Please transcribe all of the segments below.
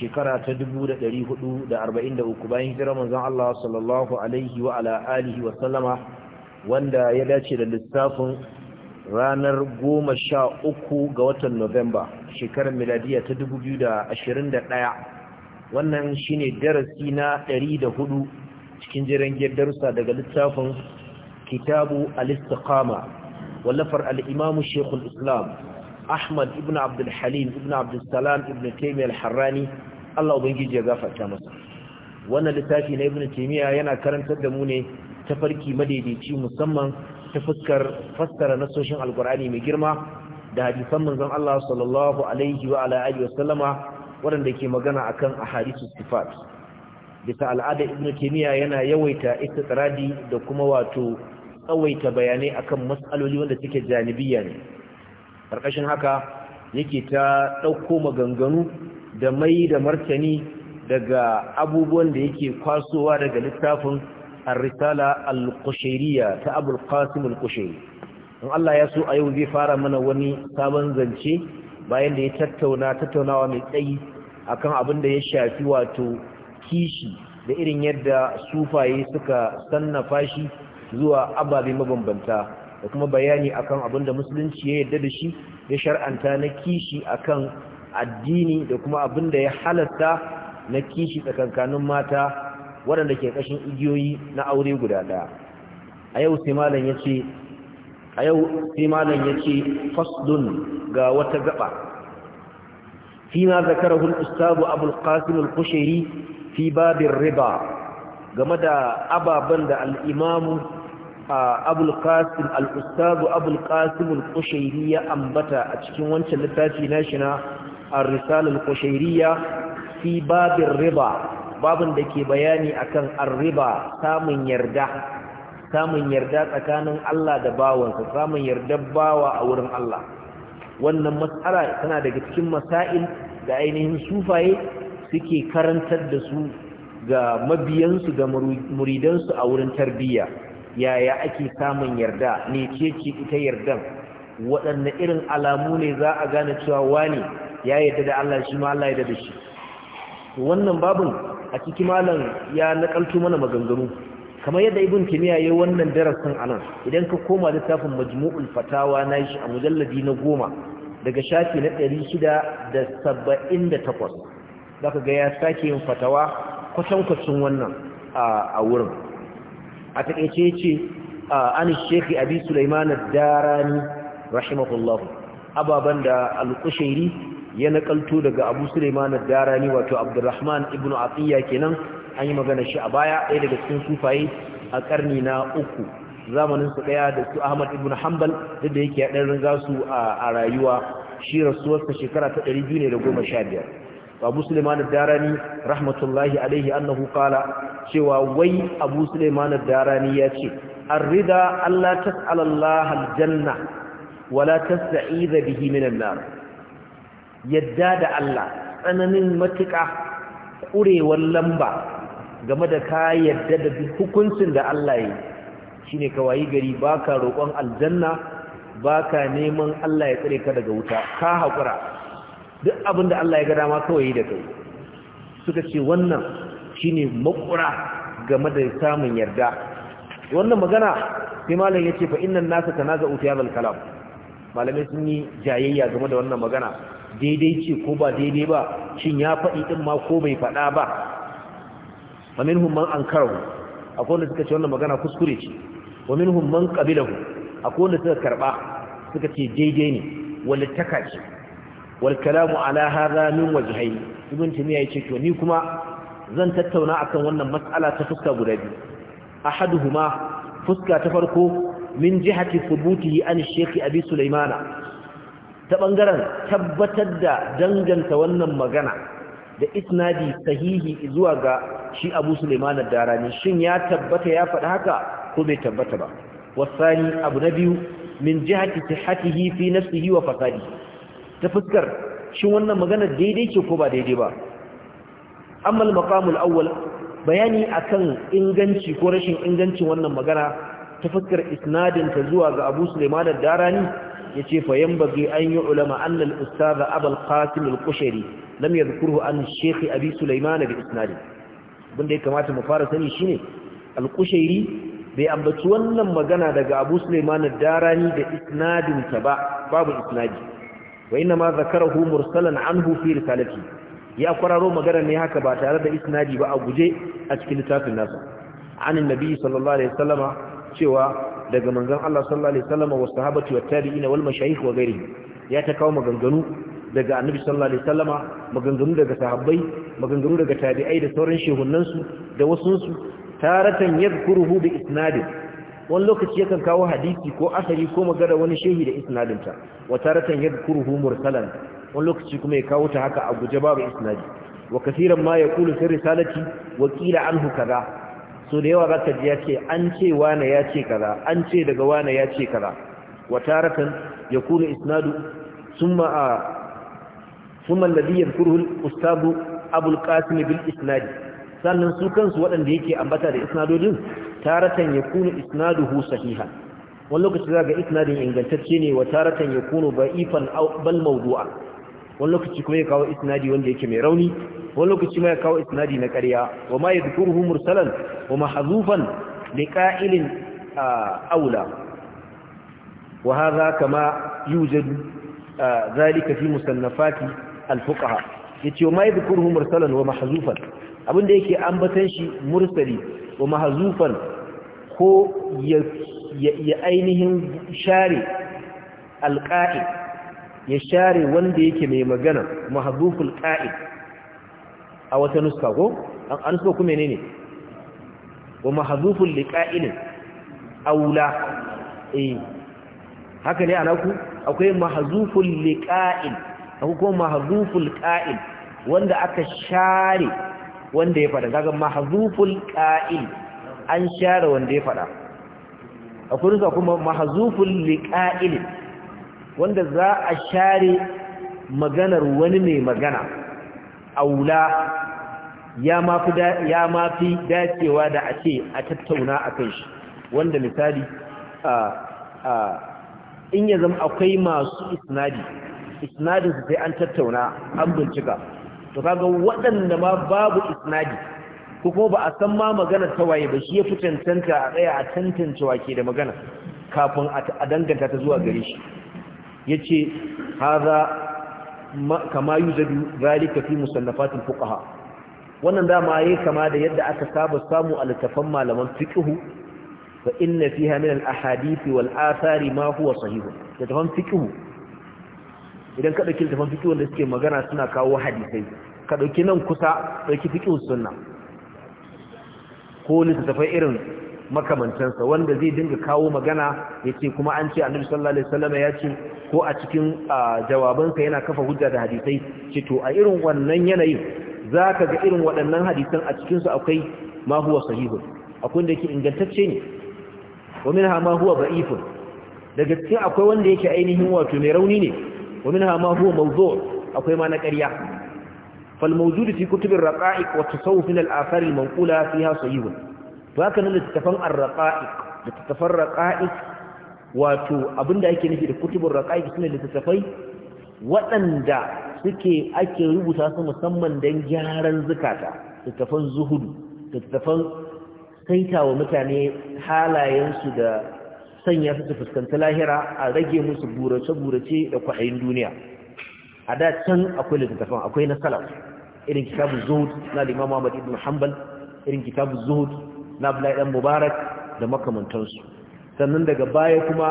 shekara ta 443 bayan hijirar manzon Allah sallallahu alaihi wa ala wa sallama wanda ya dace da lissafin ranar goma sha uku ga watan Novemba shekarar miladiya ta daya wannan shine darasi na da hudu cikin jiran darussa daga littafin kitabu al wallafar alimamu imamu Islam Ahmad ibn Abdul Halim ibn Abdul Salam ibn Taymiyyah al-Harrani Allah ubangiji ya gafarta masa wannan littafi na Ibn Taymiyyah yana karantar da mu ne tafarki madaidaici musamman ta fuskar fassara nasoshin Alkur'ani mai girma da hadisan manzon Allah sallallahu alaihi wa ala alihi wasallama waɗanda ke magana akan ahadithus sifat bisa al'ada ibnu taymiya yana yawaita istiqradi da kuma wato tsawaita bayanai akan mas'aloli wanda suke janibiyya ne ƙarƙashin haka yake ta ɗauko maganganu da mai da martani daga abubuwan da yake kwasowa daga littafin arisala al kushiriya ta abul qasim al kushiri in Allah ya so a yau zai fara mana wani sabon zance bayan da ya tattauna tattaunawa mai tsayi akan abin da ya shafi wato kishi da irin yadda sufaye suka sannafa shi zuwa ababe mabambanta da kuma bayani akan abin da musulunci ya yarda da shi ya shar'anta na kishi akan addini da kuma abin da ya halatta na kishi tsakankanin mata waɗanda ke ƙashin igiyoyi na aure guda ɗaya a yau sai malam ya ce a yau sai ya ce fasdun ga wata gaba Fi ma zakarahu al-ustadu abul qasim al-qushairi fi babir riba game da ababen da al-imamu abul qasim al-ustad abul qasim ya ambata a cikin wancan littafi nashi na ar-risala al-qushayriya fi babin riba babin da ke bayani akan ar-riba samun yarda samun yarda tsakanin Allah da bawansa samun yarda bawa a wurin Allah wannan matsala tana daga cikin masail da ainihin sufaye suke karantar da su ga mabiyansu ga muridansu a wurin tarbiyya yaya ake samun yarda ne ce ce ita yardan waɗanne irin alamu ne za a gane cewa wani ya yarda da Allah shi ma Allah ya da shi wannan babu a cikin malam ya nakaltu mana maganganu kamar yadda ibn timiya yayin wannan darasin anan idan ka koma littafin majmu'ul fatawa na shi a mujalladi na goma daga shafi na 678 zaka ga ya sake yin fatawa kwatankwacin wannan a wurin a taƙaice ce, an shekhi abi sulaiman ad-darani rahimahullah ababan da al-qushairi ya nakalto daga abu sulaiman darani wato abdurrahman ibn atiya kenan an yi magana shi a baya ɗaya daga cikin sufaye a karni na uku Zamaninsu ɗaya da su ahmad ibn hanbal da yake ya dan ringa su a rayuwa shi rasuwarsa shekara ta ɗari biyu goma sha biyar. abu suleiman darani rahmatullahi alaihi annahu kala cewa wai abu suleiman darani ya ce arrida allah tas'ala allah aljanna wala tasta'idha bihi min nar yadda da allah tsananin matuƙa kurewar lamba game da ka yadda da hukuncin da allah ya shine kawai gari baka roƙon aljanna baka neman allah ya tsare ka daga wuta ka haƙura duk abin da Allah ya ga dama kawai da kai suka ce wannan shine makura game da samun yarda wannan magana sai malam ya ce fa innan nasu tanaza'u fi hadha kalam malamai sun yi jayayya game da wannan magana daidai ce ko ba daidai ba shin ya faɗi din ma ko bai faɗa ba wa minhum man ankarahu akwai wanda suka ce wannan magana kuskure ce wa minhum man qabilahu akwai wanda suka karba suka ce daidai ne wani ce wal kalamu ala hadha min wajhayn ibn yace to ni kuma zan tattauna akan wannan mas'ala ta fuska guda biyu ahaduhuma fuska ta farko min jihati thubutihi an shaykh abi sulaimana ta bangaren tabbatar da danganta wannan magana da isnadi sahihi zuwa ga shi abu sulaimana darani shin ya tabbata ya faɗi haka ko bai tabbata ba wasani abu na biyu min jihati sihhatihi fi nafsihi wa fasadihi ta fuskar shi wannan magana daidai ce ko ba daidai ba amal maqamul awwal bayani akan inganci ko rashin ingancin wannan magana ta fuskar isnadin ta zuwa ga Abu Sulaiman ad-Darani yace fa yanbaghi an yi anna al-ustadh Abul qasim al qushairi lam yadhkuruhu an Sheikh Abi Sulaiman bi isnadin bunda ya kamata mu fara sani shine al qushairi bai ambaci wannan magana daga Abu Sulaiman ad-Darani da isnadin ta ba babu isnadi wa inna ma zakarahu mursalan anhu fi risalati ya kwararo magana ne haka ba tare da isnadi ba a guje a cikin littafin nasa an annabi sallallahu alaihi wasallama cewa daga manzon Allah sallallahu alaihi wasallama wa sahabati wa tabi'ina wal mashayikh wa ghairihi ya ta kawo maganganu daga annabi sallallahu alaihi wasallama maganganu daga sahabbai maganganu daga tabi'ai da sauran shehunnansu da wasunsu taratan yadhkuruhu bi isnadin wani lokaci yakan kawo hadisi ko asali ko magana wani shehi da isnadinta wa taratan yadkuruhu mursalan wani lokaci kuma ya kawo ta haka a guje babu isnadi wa kasiran ma ya kulu fi risalati wa qila anhu kaza so da yawa zaka ji yace an ce wani ya ce kaza an ce daga wani ya ce kaza wa taratan yakunu isnadu thumma a thumma alladhi yadhkuruhu al-ustadu abul qasim bil isnadi sannan su kansu waɗanda yake ambata da isnadodin taratan ya yakunu isnaduhu sahihan wani lokaci za ga isnadin ingantacce ne wa taratan ya yakunu ba'ifan bal mawdu'a wani lokaci kuma ya kawo isnadi wanda yake mai rauni wani lokaci ma ya kawo isnadi na ƙarya wa ma yadhkuruhu mursalan wa mahzufan liqa'ilin aula wa hadha kama yujadu zalika fi musannafati al ya ce wa ma yadhkuruhu mursalan wa mahzufan abinda yake ambatan shi mursali wa mahzufan ko ya ainihin share alƙa'i ya share wanda yake mai magana mahazuful ƙa'i a wata nuska ko an so kuma ne ne wa mahazuful liƙa'inin a wula. Eh, haka ne a anaku akwai mahazuful liƙa'in akwai kuma mahazuful ƙa'in wanda aka share wanda ya faɗa daga mahazuful ƙa'in an share wanda ya faɗa akwai kurinsa kuma mahazufin liƙa'ilin wanda za a share maganar wani mai magana aula ya ma fi dacewa da a ce a tattauna a shi wanda misali in ya zama akwai masu isnadi isnadinsu sai an tattauna an bincika to kaga waɗanda ma babu isnadi ko kuma ba a san ma magana ta waye ba shi ya fi cancanta a tsaya a tantancewa wake da magana kafin a danganta ta zuwa gare shi ya ce haza kama yi zadu zalika fi musallafatin fuqaha wannan dama yayi kama da yadda aka saba samu a littafan malaman fiqhu fa inna fi min al wal athari ma huwa sahihu. littafan fiqhu idan ka ɗauki littafan da wanda suke magana suna kawo hadisai ka ɗauki nan kusa ɗauki fiqhu sunna ko littattafai irin makamantansa wanda zai dinga kawo magana ya ce kuma an ce annabi sallallahu alaihi wasallam ya ce ko a cikin jawabansa yana kafa hujja da hadisai ce to a irin wannan yanayin zaka ga irin waɗannan hadisan a cikin su akwai ma huwa sahihun akwai wanda yake ingantacce ne wa minha ma huwa da'ifun daga cikin akwai wanda yake ainihin wato mai rauni ne wa minha ma huwa mawdu' akwai ma na ƙarya فالموجود في كتب الرقائق والتصوف من الآثار المنقولة فيها صحيح فهكذا لتتفن الرقائق لتتفن الرقائق wato abinda ake nufi da kutubun raƙaƙi suna littattafai waɗanda suke ake rubuta su musamman don gyaran zukata littattafan zuhudu littattafan saita wa mutane halayensu da sanya su su lahira a rage musu burace-burace da kwaɗayin duniya a da can akwai littattafan akwai nasara. irin kitabu zuhud na Imam Ahmad ibn Hanbal irin kitabu zuhud na Abdullahi dan Mubarak da makamantansu sannan daga baya kuma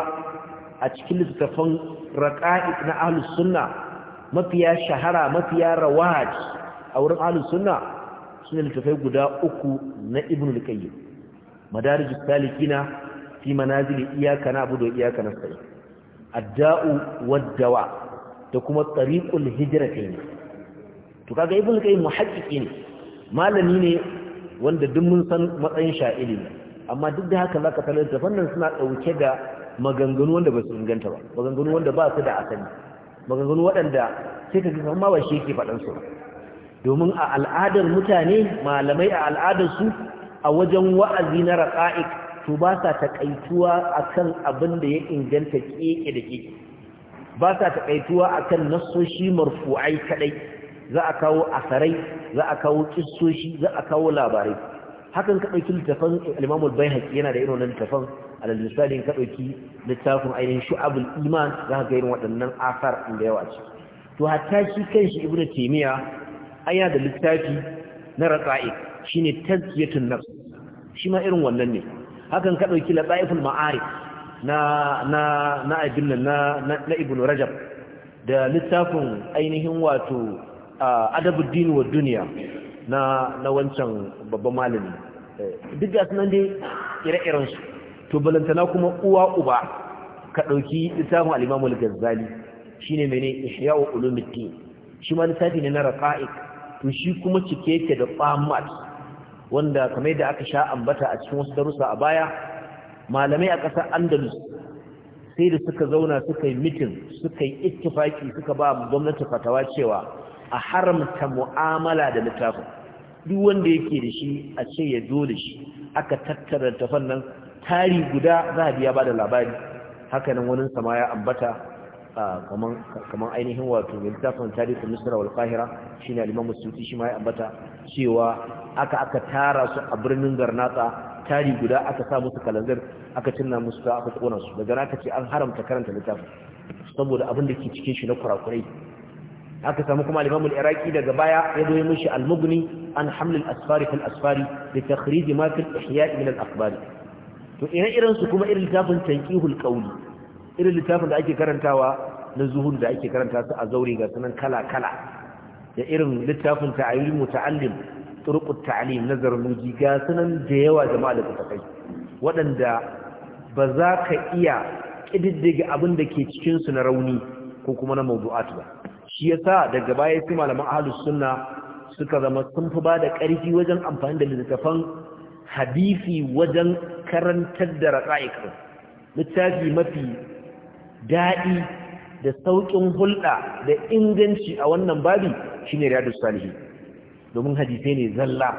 a cikin littafin raqa'iq na ahlus sunna mafiya shahara mafiya rawaj a wurin ahlus sunna suna littafai guda uku na Ibn al-Qayyim madarijus salikina fi manazil iyyaka na'budu wa iyyaka nasta'in adda'u wad-dawa da kuma tariqul hijratayn to kaga ibn kai muhaqqiqi ne malami ne wanda duk mun san matsayin sha'ili amma duk da haka zaka talar da fannin suna dauke da maganganu wanda ba su inganta ba maganganu wanda ba su da asali maganganu waɗanda sai ka ga amma ba shi yake faɗan su domin a al'adar mutane malamai a al'adar su a wajen wa'azi na raqa'iq to ba sa takaituwa akan abin da ya inganta keke da keke ba sa takaituwa akan nassoshi marfu'ai kadai za a kawo asarai za a kawo kissoshi za a kawo labarai hakan ka littafan al-Imam al-Baihaqi yana da irin wannan littafan alal misali ka ɗauki littafin ainihin Shu'abul Iman za ka ga irin waɗannan asar inda yawa ce to hatta shi kanshi Ibn Taymiya aya da littafi na raqa'iq shine tazkiyatun nafs shi ma irin wannan ne hakan ka ɗauki lataiful ma'arif na na na na na Ibn Rajab da littafin ainihin wato dini wa duniya na na wancan babban malami eh, duk da sunan dai ire-iren su to balantana kuma uwa uba ka dauki littafin al-Imam al-Ghazali shine mene Ihya ulumuddin shi ma lissafi ne na raqa'iq to shi kuma cike yake da qamat wanda kamar yadda aka sha ambata a cikin wasu darussa a baya malamai a ƙasar Andalus sai da suka zauna suka yi mitin suka yi ittifaki suka ba gwamnati fatawa cewa a haramta mu'amala da littafin duk wanda yake da shi a ce ya zo da shi aka tattara ta nan tari guda za a biya ba da labari hakanan wani sama ya ambata kamar ainihin wato mai littafin tarihin misra wal qahira shine al-imam musuti shi ma ya ambata cewa aka aka tara su a birnin garnata tari guda aka sa musu kalanzir aka cinna musu ta aka kona su daga na ce an haramta karanta littafin saboda abin da ke cikin shi na kurakurai aka samu kuma al iraki iraqi daga baya ya zo mishi al-Mughni an haml asfari fil asfari da takhrij ma fil ihya min al to ina irin su kuma irin littafin tanqihul qawli irin littafin da ake karantawa na da ake karanta su a zauri ga sunan kala kala da irin littafin ta'ayyul muta'allim turuqut ta'lim nazar nuji ga sunan da yawa jama'a da kuka kai waɗanda ba za ka iya ƙididdiga abin da ke cikinsu na rauni ko kuma na mawdu'atu ba shi yasa daga baya sai malaman ahlus sunna suka zama sun fi bada ƙarfi wajen amfani da littattafan hadisi wajen karantar da ra'ayikan littafi mafi daɗi da sauƙin hulɗa da inganci a wannan babi shine riyadus salihin domin hadisai ne zalla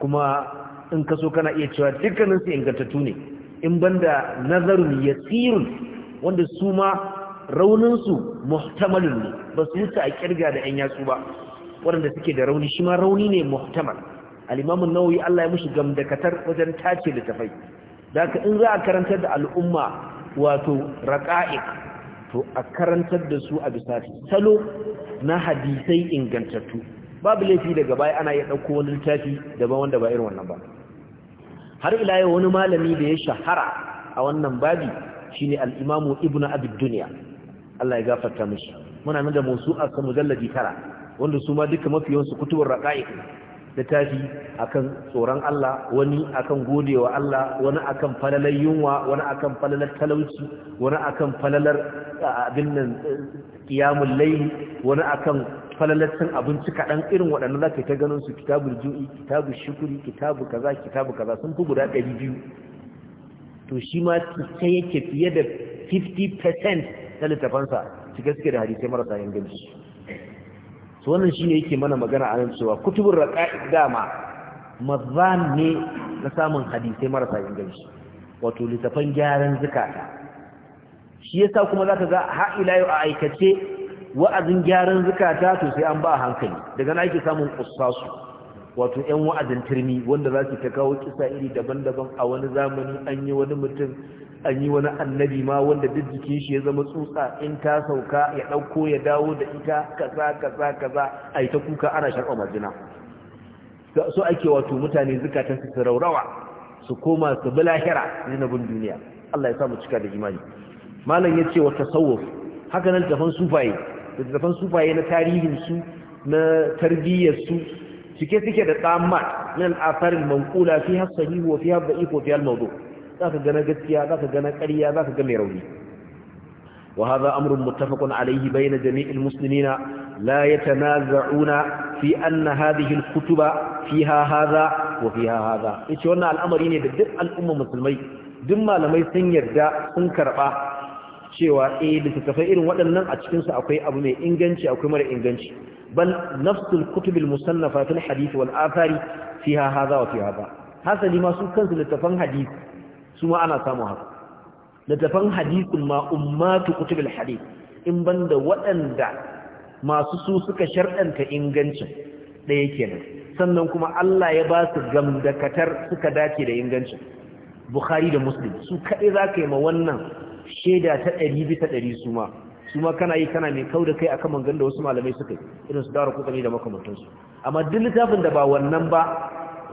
kuma in kaso kana iya cewa dukkaninsu ingantattu ne in banda nazarun yasirun wanda su ma rauninsu muhtamalin ne ba su wuce a kirga da 'yan yatsu ba waɗanda suke da rauni shi ma rauni ne muhtamal alimamin nauyi Allah ya mushi gamdakatar wajen tace da tafai. da ka in za a karantar da al'umma wato Raƙa'ik to a karantar da su a bisa salo na hadisai ingantattu babu laifi daga baya ana iya ɗauko wani littafi daban wanda ba irin wannan ba har ila yau wani malami da ya shahara a wannan babi shine al-imamu ibnu abid dunya Allah ya gafarta shi muna nan da mawsu'a kan mujalladi tara wanda su ma duka su kutubur raqa'iq littafi akan tsoron Allah wani akan godewa Allah wani akan falalar yunwa wani akan falalar talauci wani akan falalar abin nan qiyamul layl wani akan falalar abinci kaɗan irin waɗannan zaka ta ganin su kitabul ju'i kitabul shukuri kitabu kaza kitabu kaza sun fi guda 200 to shi ma sai yake fiye da 50% na littafansa cike suke da hadisai marasa inganci su wannan shine yake mana magana a nan cewa kutubur raqa'iq dama mazan ne na samun hadisai marasa inganci wato littafan gyaran zukata shi yasa kuma zaka ga ha ila yau a aikace wa'azin gyaran zukata to sai an ba hankali daga na ake samun ƙusasu wato ƴan wa'azin turmi wanda za su ta kawo kisa iri daban-daban a wani zamani an yi wani mutum an yi wani annabi ma wanda duk jikin shi ya zama tsutsa in ta sauka ya ɗauko ya dawo da ita kaza kaza kaza a ta kuka ana sharɓa majina so ake wato mutane zukatan su su raurawa su koma su bi lahira ne na bin duniya Allah ya sa mu cika da imani malam ya ce wa tasawuf haka nan tafan sufaye tafan sufaye na tarihin su na tarbiyyar su cike suke da tsamma nan al-athar al-manqula fiha wa fiha da'if wa fiha al-mawdu' za ka gana gaskiya za ka gana ƙariya za ka gane rauni wa haza amrun muttafaqun alayhi bayna jami'il muslimina la yatanaza'una fi anna hadhihi al-kutuba fiha hadha wa fiha hadha ita wannan al'amari ne da duk al'umma musulmai duk malamai sun yarda sun karɓa cewa eh bisa irin waɗannan a cikinsu akwai abu mai inganci akwai mara inganci bal nafsul kutub al-musannafa fil hadith wal athari fiha hadha wa fiha hadha hasali ma su kansu littafan hadisi. su ma ana samun haka littafan hadisin ma ummatu kutubul hadith in banda waɗanda masu su suka sharɗanta ingancin ɗaya kenan sannan kuma Allah ya ba su gamdakatar suka dace da ingancin Bukhari da Muslim su kaɗai za ka yi ma wannan shaida ta ɗari bisa ɗari su ma su ma kana yi kana mai kau da kai akan mangan da wasu malamai suka yi irin su dara kutsani da makamantansu amma duk littafin da ba wannan ba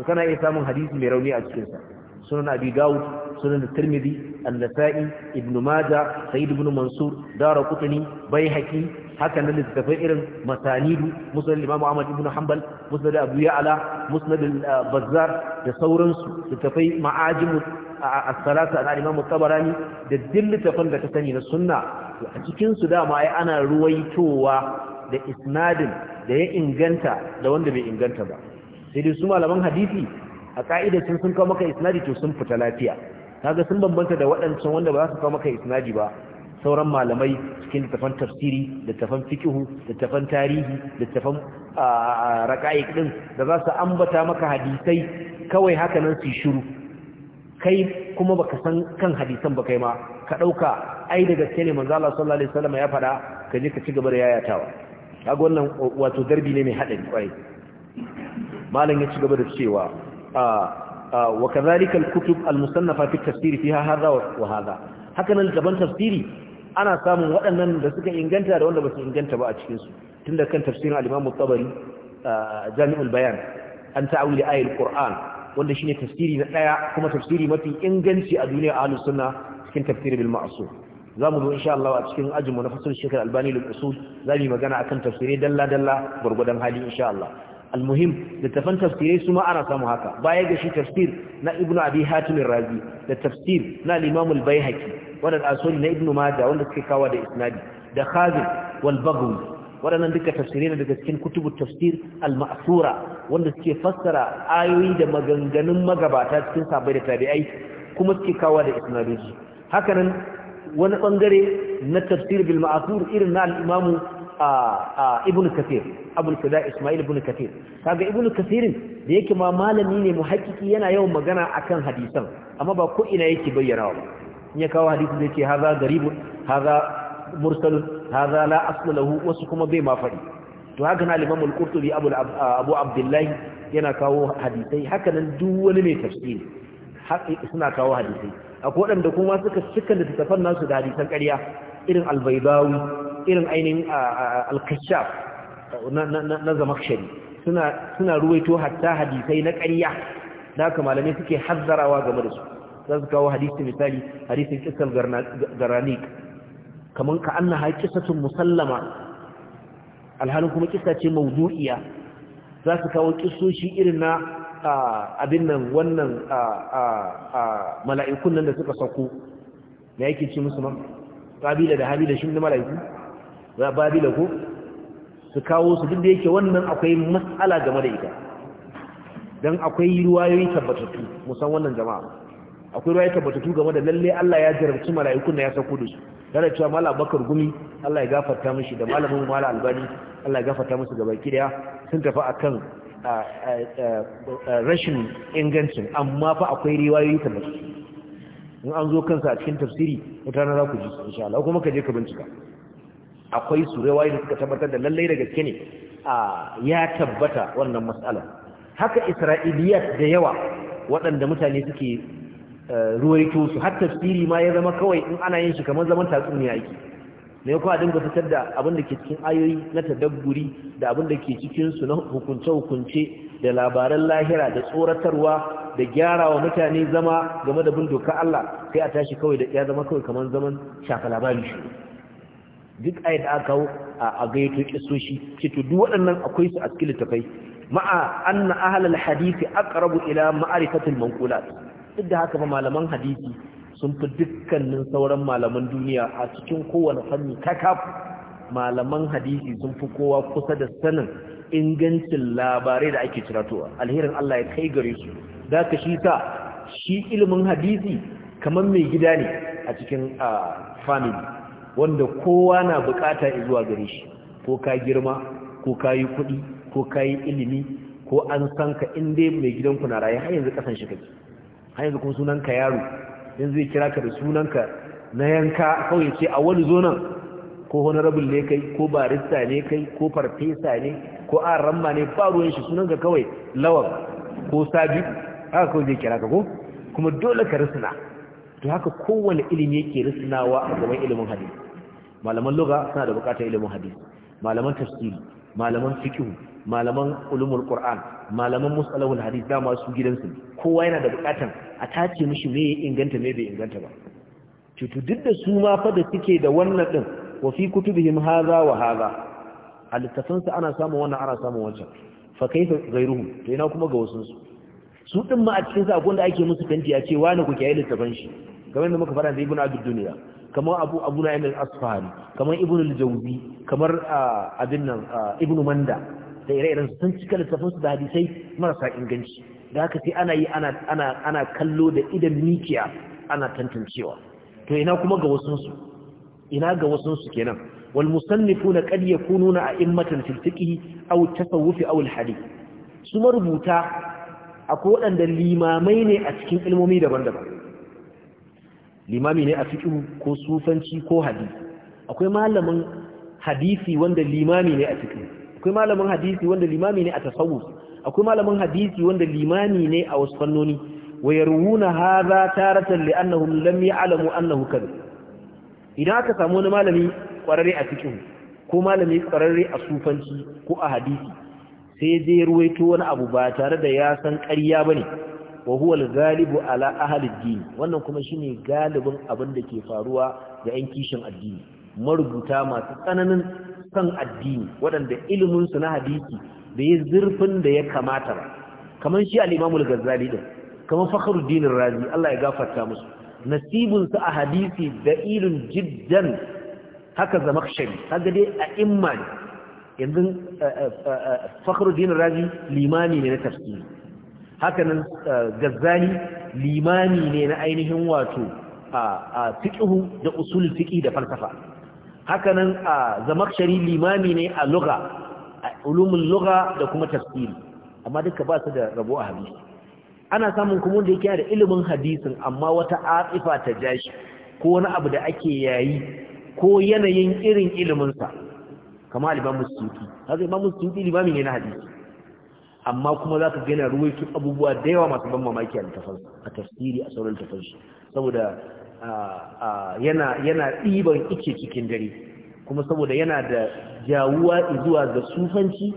kana iya samun hadisi mai rauni a cikinsa sunan abi dawud sunan tirmidhi an-nasa'i ibn majah Sayyid ibn mansur daraqutni baihaqi haka nan littafai irin masanidu musnad imam ahmad ibn hanbal musnad abu ya'la musnad al-bazzar da sauransu littafai ma'ajim as-salasa na imam tabarani da dillitafan da ka sani na sunna a cikin su dama ai ana ruwaitowa da isnadin da ya inganta da wanda bai inganta ba sai dai su malaman hadisi a ka'ida sun sun kawo maka isnadi to sun fita lafiya kaga sun bambanta da waɗancan wanda ba za su kawo maka isnadi ba sauran malamai cikin tafan tafsiri da littafan fikihu tafan tarihi da tafan raqa'iq din da za su ambata maka hadisai kawai haka nan su shiru kai kuma baka san kan hadisan ba kai ma ka dauka ai da gaske ne manzo Allah sallallahu alaihi wasallam ya fada ka je ka ci gaba da yayatawa kaga wannan wato darbi ne mai hadari kwarai malam ya ci gaba da cewa wa kadhalika kutub al-musannafa fi tafsir fiha hadha wa wahaza. haka nan daban tafsiri ana samun waɗannan da suka inganta da wanda ba su inganta ba a cikin su tunda kan tafsirin al-imam at-tabari jami'ul bayan an ta'awili ayatul qur'an wanda shine tafsiri na daya kuma tafsiri mafi inganci a duniya ahlus sunna cikin tafsir bil ma'sum zamu zo insha Allah a cikin ajin mu na fasul shekar albani lil usul zamu magana akan tafsiri dalla dalla gurgudan hali insha Allah almuhim da tafan tafsirai su ma ana samu haka baya ga shi tafsir na ibnu abi hatim razi da tafsir na al-imam al-baihaqi wannan na ibnu Mada, wanda suke kawo da isnadi da khazin wal baghawi waɗannan duka tafsirai daga cikin kutubu tafsir al-ma'sura wanda suke fassara ayoyi da maganganun magabata cikin sabai da tabi'ai kuma suke kawo da isnadoji hakanan wani bangare na tafsir bil ma'sur irin na al-imam ibn kathir abul fida ismail ibn kathir kaga ibn kathirin da yake ma malami ne muhakkiki yana yawan magana akan hadisan amma ba ko ina yake bayyanawa ba in ya kawo hadisi zai ce haza garibun haza mursalun haza la asla lahu wasu kuma bai ma faɗi to haka na al-imam al-qurtubi abu abu abdullahi yana kawo hadisai haka nan duk wani mai tafsiri suna kawo hadisai akwai waɗanda kuma suka cika littattafan nasu da hadisan ƙarya irin albaibawi irin ainihin alkashaf na zamakshari suna ruwaito hatta hadisai na ƙarya da haka malamai suke hazzarawa game da su za su kawo hadisi misali hadisin kisar garanik kamar ka anna ha kisatun musallama alhalin kuma kisa ce maudu'iya za su kawo kisoshi irin na abin nan wannan mala'ikun nan da suka sako na yake ce musu babila da habila shi ne mala'iku za babila ko su kawo su duk da yake wannan akwai matsala game da ita dan akwai ruwayoyi tabbatattu musan wannan jama'a akwai ruwayoyi tabbatattu game da lalle Allah ya jarabci mala'ikun na ya sako da su yana cewa malam bakar gumi Allah ya gafarta mishi da malamin malam albani Allah ya gafarta musu gabaki daya sun tafi akan rashin ingancin amma fa akwai ruwayoyi tabbatattu in an zo kansa a cikin tafsiri mutane za ku ji insha Allah kuma ka je ka bincika akwai su da suka tabbatar da lallai da gaske ne a ya tabbata wannan mas'ala haka isra'iliyat da yawa waɗanda mutane suke eh, ruwaito su har tafsiri ma ya zama kawai in ana yin shi kamar zaman tatsuniya yake ne ko a dinga fitar da abin da ke cikin ayoyi na tadabburi da abin da ke cikin su na hukunce hukunce da labaran lahira da tsoratarwa da gyarawa mutane zama game da bin doka Allah sai a tashi kawai da ya zama kawai kamar zaman shafa labari shi duk ayat da aka hau a gayyato kisoshi ce to duk waɗannan akwai su a cikin littafai ma'a anna ahlal hadisi aqrabu ila ma'rifatil manqulat duk da haka ba malaman hadisi sun fi dukkanin sauran malaman duniya a cikin kowane fanni kafu. malaman hadisi sun fi kowa kusa da sanin ingancin labarai da ake ciratowa alherin Allah ya kai gare su da ka shi sa shi ilimin hadisi kamar mai gida ne a cikin family wanda kowa na bukata zuwa gare shi ko ka girma ko ka yi kuɗi ko ka yi ilimi ko an san ka in dai mai gidanku na raye har yanzu kasan shi kake har yanzu kuma sunanka yaro yanzu zai kira ka da sunanka na yanka kawai ce a wani zonan ko honorable ne kai ko barista ne kai ko farfesa ne ko a ramma ne ba ruwan shi sunan ka kawai lawan ko sabi haka kawai zai kira ka ko kuma dole ka risina. to haka kowane ilimi yake risinawa a gaban ilimin hadisi malaman lugha suna da bukatar ilimin hadisi malaman tafsiri malaman fiqh malaman ulumul qur'an malaman musalahul hadis, dama su gidansu kowa yana da bukatan a tace mishi me inganta me bai inganta ba cutu duk da su ma fa da suke da wannan din wa fi kutubihim hadha wa hadha a littafansa ana samun wannan ana samun wancan fa kai fa gairuhu to ina kuma ga wasu su din ma a cikin sa akwai wanda ake musu kanti ya ce wani ku kiyaye littafan shi kamar da muka fara da ibnu abdul dunya kamar abu abu na'im al-asfahani kamar ibnu al-jawzi kamar ah, abin nan ah, ibnu manda da ire-iren sun cika littafan su da hadisai marasa inganci da haka sai ana yi ana ana ana kallo da idan mikiya ana tantancewa to ina kuma ga wasu su ina ga wasu su kenan wal musannifuna qad yakununa a'immatan fil fiqh aw tasawuf aw al hadith su marubuta akwai waɗanda limamai ne a cikin ilmomi daban-daban limami ne a fiqh ko sufanci ko hadisi akwai malamin hadisi wanda limami ne a fiqh akwai malamin hadisi wanda limami ne a tasawuf akwai malamin hadisi wanda limami ne a wasu fannoni wa yarwuna hadha taratan annahu idan aka samu wani malami Kwararre a cikin, ko malami ƙwararre a sufanci ko a hadisi sai zai ruwaito wani abu ba tare da ya san ƙarya ba ne wa huwa galibu ala ahalid dini wannan kuma shine galibin abin da ke faruwa ga yan kishin addini marubuta masu tsananin san addini waɗanda iliminsu na hadisi da ya zurfin da ya kamata ba kamar shi al-Imam al-Ghazali din kamar Fakhruddin Razi Allah ya gafarta musu nasibun su a hadisi da'ilun jiddan haka zamakshari haka dai a imma ne yanzu eh, eh, eh, fakhruddin razi limami ne na tafsiri haka nan gazzali limami ne na ainihin wato a fiqhu da usul fiqi da falsafa haka nan zamakshari limami ne a lugha ulumul lugha da kuma tafsiri amma duka ba su da rabo a hadisi ana samun kuma wanda yake da ilimin hadisin amma wata atsifa ta jashi ko wani abu da ake yayi ko yanayin irin iliminsa kama limamin suki haka limamin suki Limamin ne na hadisi amma kuma za ka gina ruwaito abubuwa da yawa masu ban mamaki a a tafsiri a sauran shi. saboda yana ɗiban ike cikin dare kuma saboda yana da jawuwa zuwa ga sufanci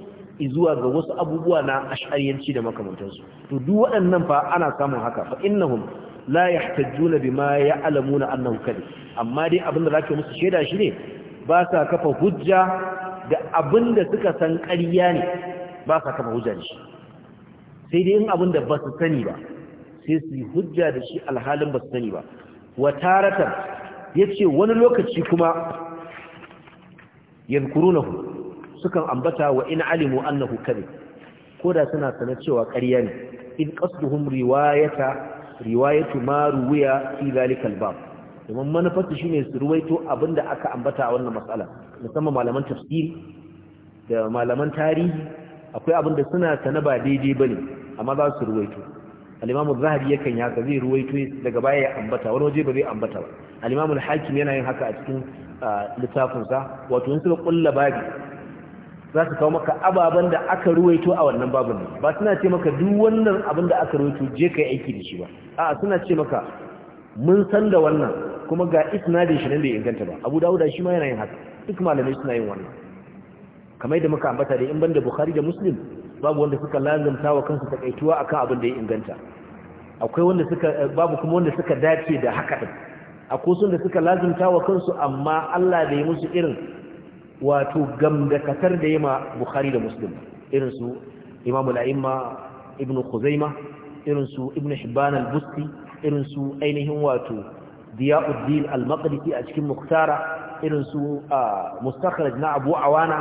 zuwa ga wasu abubuwa na ashariyanci da makamantansu to duk waɗannan fa ana samun haka fa innahum la yahtajjuna bima ya'lamuna annahu kadhib amma dai abinda zaka musu shaida shi ne ba sa kafa hujja da abinda suka san ƙarya ne ba sa kafa hujja da shi sai dai in abinda ba su sani ba sai su yi hujja da shi alhalin ba su sani ba wa ya yace wani lokaci kuma hu, sukan ambata wa in alimu annahu kadhib koda suna sanar cewa ƙarya ne in qasduhum riwayata riwayatu ma ruwiya fi zalikal bab domin manufar shi ne su ruwaito abinda aka ambata a wannan matsala musamman malaman tafsiri da malaman tarihi akwai abinda suna sana ba daidai bane amma za su ruwaito al-imamu zahabi yakan yi haka zai ruwaito daga baya ya ambata wani waje ba zai ambata ba al-imamu al-hakim yana yin haka a cikin ah, littafinsa wato in suka kulla za su kawo maka ababen da aka ruwaito a wannan babin ne ba suna ce maka duk wannan abin da aka ruwaito je ka aiki da shi ba a suna ce maka mun san da wannan kuma ga isnadin shi nan da ya inganta ba abu dawuda shi ma yana yin haka duk malamai suna yin wannan kamar yadda muka ambata da in ban da bukhari da muslim babu wanda suka lazamta wa kansu takaituwa akan abin da ya inganta akwai wanda suka babu kuma wanda suka dace da haka din akwai sun da suka lazamta wa kansu amma Allah bai musu irin wato gamdakatar da yima bukhari da muslim irin su imam al-a'imma ibn khuzaima irin su ibn hibban al-busti irin su ainihin wato diyauddin al-maqdisi a cikin muktara irin su mustakhraj na abu awana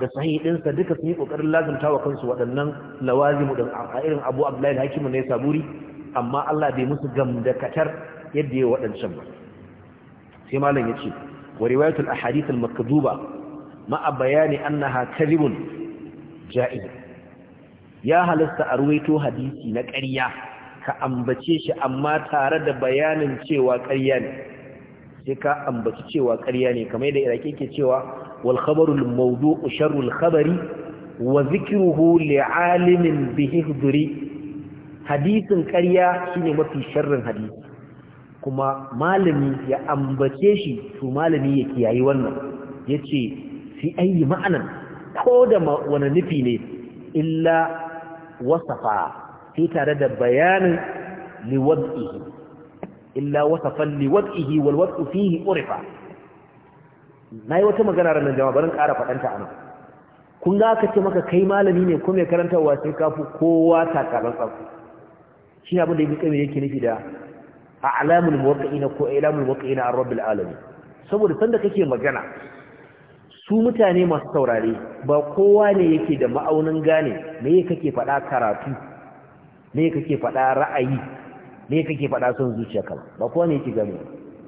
da sahih dinsa duka sun yi kokarin lazumta wa kansu waɗannan lawazimu din a irin abu abdullahi hakimu ne saburi amma Allah bai musu gamdakatar yadda ya waɗancan ba sai malam yace wa riwayatul ahadith al-makdhuba ma'a bayani annaha kadhibun ja'iz ya halasta a ruwaito hadisi na ƙarya ka ambace shi amma tare da bayanin cewa ƙarya ne sai ka ambaci cewa ƙarya ne kamar yadda iraki ke cewa wal khabarul mawdu'u sharrul khabari wa zikruhu li'alimin bihi huduri hadisin ƙarya shine mafi sharrin hadisi kuma malami ya ambace shi to malami ya kiyayi wannan yace fi ayi ma'anan ko da wani nufi ne illa wasafa sai tare da bayanin liwad'ihi illa wasafan liwad'ihi wal wad'u fihi urifa yi wata magana ranar jama'a barin ƙara faɗanta a nan, kun ga aka ce maka kai malami ne ko mai karantarwa sai kafu fi kowa takarar tsaku shi abin da ibn qayyim yake nufi da a a'lamul muwaqqi'ina ko a'lamul muwaqqi'ina a rabbil alamin saboda sanda kake magana su mutane masu saurare ba kowa ne yake da ma'aunin gane me kake faɗa karatu me kake faɗa ra'ayi me kake faɗa son zuciya kama ba kowa ne yake gane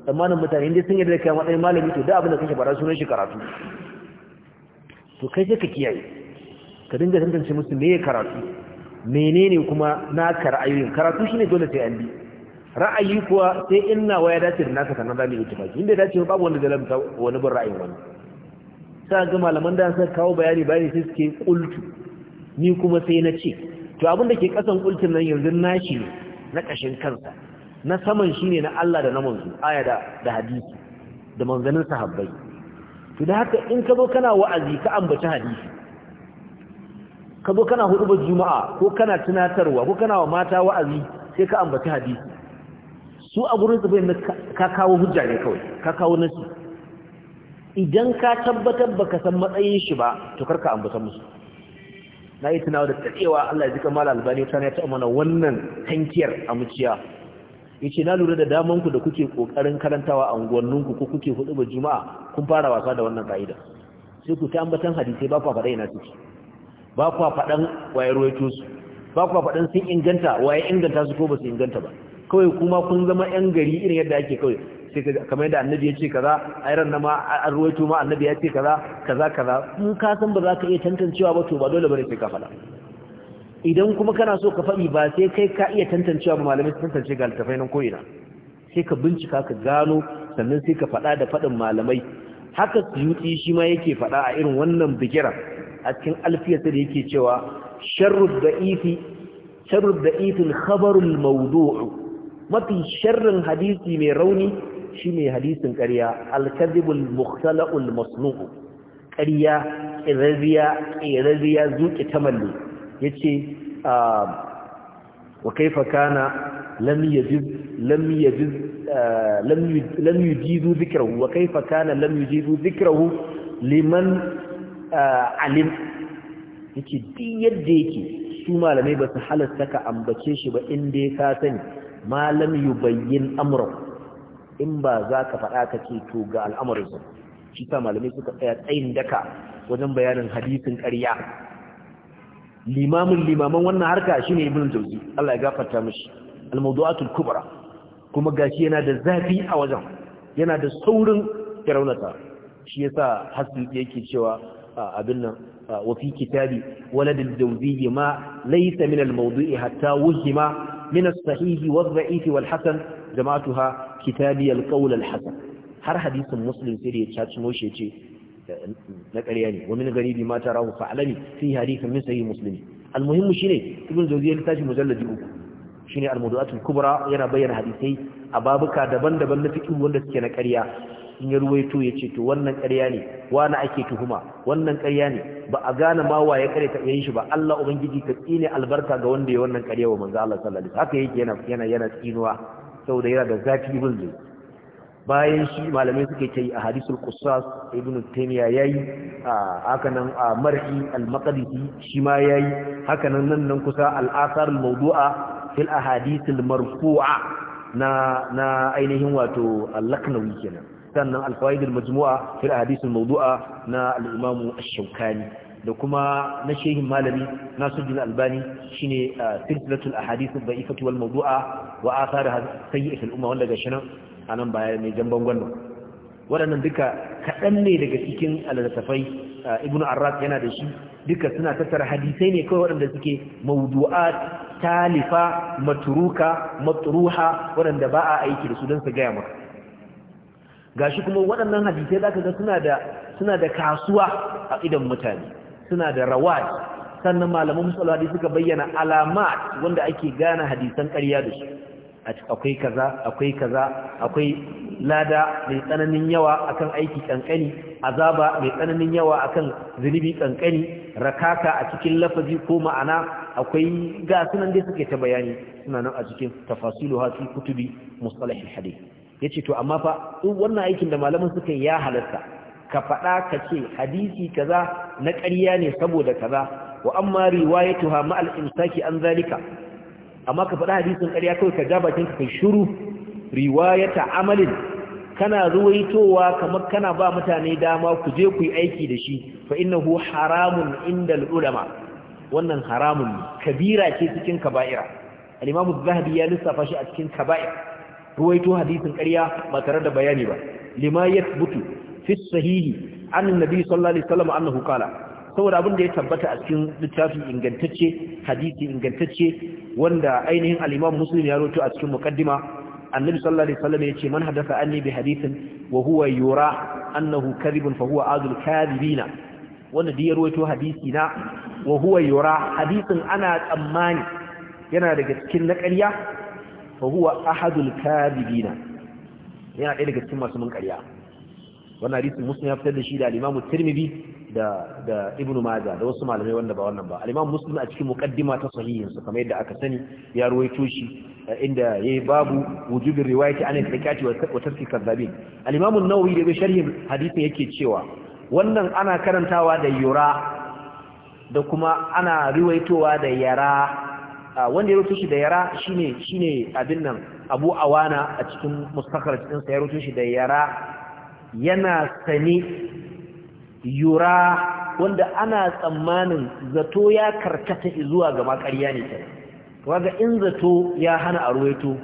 tsammanin mutane inda sun yarda kai matsayin malami to da abin da kake faɗa sunan shi karatu to kai sai ka kiyaye ka dinga tantance musu me karatu menene kuma na ra'ayoyin karatu shine dole sai an bi ra'ayi kuwa sai in nawa ya dace da naka sannan zamu yi ittifaki inda dace babu wanda da lamta wani bin ra'ayin wani sa ga malaman da suka kawo bayani bayani sai suke kultu ni kuma sai na ce to abin da ke kasan kultun nan yanzu nashi ne na kashin kansa na saman shi ne na Allah da na manzo aya da da hadisi da manzanin sahabbai to da haka in ka zo kana wa'azi ka ambaci hadisi ka zo kana hudubar juma'a ko kana tunatarwa ko kana wa mata wa'azi sai ka ambaci hadisi su a gurin su bai ka kawo hujja ne kawai ka kawo nasu idan ka tabbatar baka san matsayin shi ba to karka ambata musu na yi tunawa da tsakewa Allah ya ji kamar albani ta ne ta amana wannan tankiyar amuciya ce na lura da daman ku da kuke kokarin karantawa a unguwanninku ko kuke hudu ba juma'a kun fara wasa da wannan kaida sai ku ta ambatan hadisi ba ku faɗa ina suke ba ku faɗan waye ruwaito su ba ku faɗan sun inganta waye inganta su ko ba su inganta ba kawai kuma kun zama yan gari irin yadda ake kawai sai ka kamar da annabi ya ce kaza a iran na ma an ruwaito ma annabi ya ce kaza kaza kaza in ka san ba za ka iya tantancewa ba to ba dole bane sai ka faɗa idan kuma kana so ka faɗi ba sai kai ka iya tantancewa ba malamai su tantance ga littafai nan ko'ina sai ka bincika ka gano sannan sai ka faɗa da faɗin malamai haka suyuti shi ma yake faɗa a irin wannan bigira a cikin alfiyarsa da yake cewa sharrud da'ifi sharrud da'ifin khabarul mawdu'u mafi sharrin hadisi mai rauni ne hadisin ƙarya al-kadhibul mukhtala'ul masnu'u ƙarya ƙirarriya, ƙirarriya, zuƙi tamalli yace ah, wa kaifa kana lam yajiz lam yajiz ah, lam yujizu dhikrahu wa kaifa kana lam yujizu dhikrahu liman ah, alim yace duk yadda yake su malamai ba su halasta ka ambace shi ba inda ya ka sani malam bayyin amrahu in ba za ka faɗa ka ce to ga al'amarinsu shi sa malamai suka tsaya tsayin daka wajen bayanin hadisin ƙarya limamin limaman wannan harka shine ibn jauzi Allah ya gafarta mishi al-mawdu'atul kubra kuma gashi yana da zafi a wajen yana da saurin kiraunata shi yasa hasan yake cewa abin nan wa fi kitabi walad al-jawzi ma laysa min al-mawdu'i hatta wuhima min as-sahih wa dhaifi wal-hasan jama'atuha kitabi alqaul alhasan har hadisin muslim sai ya caci moshe ce na ƙarya ne wani garibi ma mata rahu fa'alami fi hadisin min sahih muslim almuhimmu shine ibn jawziy ya tashi mujalladi uku shine almawdu'atul kubra yana bayyana hadisai a babuka daban-daban na fiqh wanda suke na ƙarya in ya ruwaito ya ce to wannan ƙarya ne wani ake tuhuma wannan ƙarya ne ba a gane ma wa ya ƙare taɓa shi ba Allah ubangiji ka tsine albarka ga wanda ya wannan ƙarya wa manzo Allah sallallahu alaihi wasallam haka yake yana yana yana tsinuwa saboda yana da zafi bulli bayan shi malamai suke kai a hadisul kusas ibnu taymiya yayi haka nan a mar'i al-maqdisi shi ma yayi hakanan nan nan nan kusa al-athar al-mawdu'a fil ahadith al-marfu'a na na ainihin wato al-laknawi kenan sannan al-fawaid al-majmu'a fil ahadith al-mawdu'a na al-imam ash-shawkani da kuma na shehin malami nasuddin albani shine uh, silsilatul ahadith ad-da'ifatu wal mawdu'a wa atharaha sayyi'at al-umma wanda gashi nan anan baya mai jamban gwanda waɗannan duka kaɗan ne daga cikin al Ibn uh, ibnu arraq yana da shi duka suna tattara hadisai ne kawai waɗanda suke maudu'a, talifa matruka matruha waɗanda ba a aiki da su don su gaya maka gashi kuma waɗannan hadisai za ka ga suna da suna da kasuwa a idan mutane suna da rawaj sannan malaman musul hadisi suka bayyana alamat wanda ake gane hadisan ƙarya da su akwai kaza akwai kaza akwai lada mai tsananin yawa akan aiki kankani azaba mai tsananin yawa akan zunubi kankani rakaka a cikin lafazi ko ma'ana akwai ga sunan dai suke ta bayani suna nan a cikin tafasilu hafi kutubi musalahil hadith yace to amma fa wannan aikin da malaman suka yi ya halarta ka faɗa ka ce hadisi kaza na ƙarya ne saboda kaza wa amma riwayatuha ma al-imsaki an zalika amma ka faɗa hadisin ƙarya kawai ka ja bakin ka kai shiru riwayata amalin kana ruwaitowa kamar kana ba mutane dama ku je ku yi aiki da shi fa innahu haramun inda ulama wannan haramun ne kabira ce cikin kaba'ira al-imamu zahabi ya lissafa shi a cikin kaba'ir ruwaito hadisin ƙarya ba tare da bayani ba lima mutu. fi sahihi an nabi sallallahu alaihi wasallam annahu qala saboda abin da ya tabbata a cikin littafi ingantacce hadisi ingantacce wanda ainihin al-Imam Muslim ya rawaito a cikin muqaddima annabi sallallahu alaihi wasallam yace man hadatha anni bi hadithin wa huwa yura annahu kadhibun fa huwa adul kadhibina wanda da ya rawaito hadisi na wa huwa yura hadisin ana tsammani yana daga cikin na ƙarya fa huwa ahadul kadhibina yana ɗaya daga cikin masu mun ƙarya wannan hadisin muslim ya fitar da shi da al-imamu tirmidhi da da ibnu majah da wasu malamai wanda ba wannan ba al-imamu muslim a cikin muqaddima ta sahihin su, kamar yadda aka sani ya ruwaito shi inda yayi babu wujubin riwayati an al-thiqati wa tarki kadhabin al an-nawawi da sharhi hadisin yake cewa wannan ana karantawa da yura da kuma ana riwaitowa da yara wanda ya rutu shi da yara shine shine abin nan abu awana a cikin mustakhraj din sa ya rutu shi da yara yana sane yura wanda ana tsammanin zato ya karkata zuwa ga makarya ne ta kaga in zato ya hana a ruwaito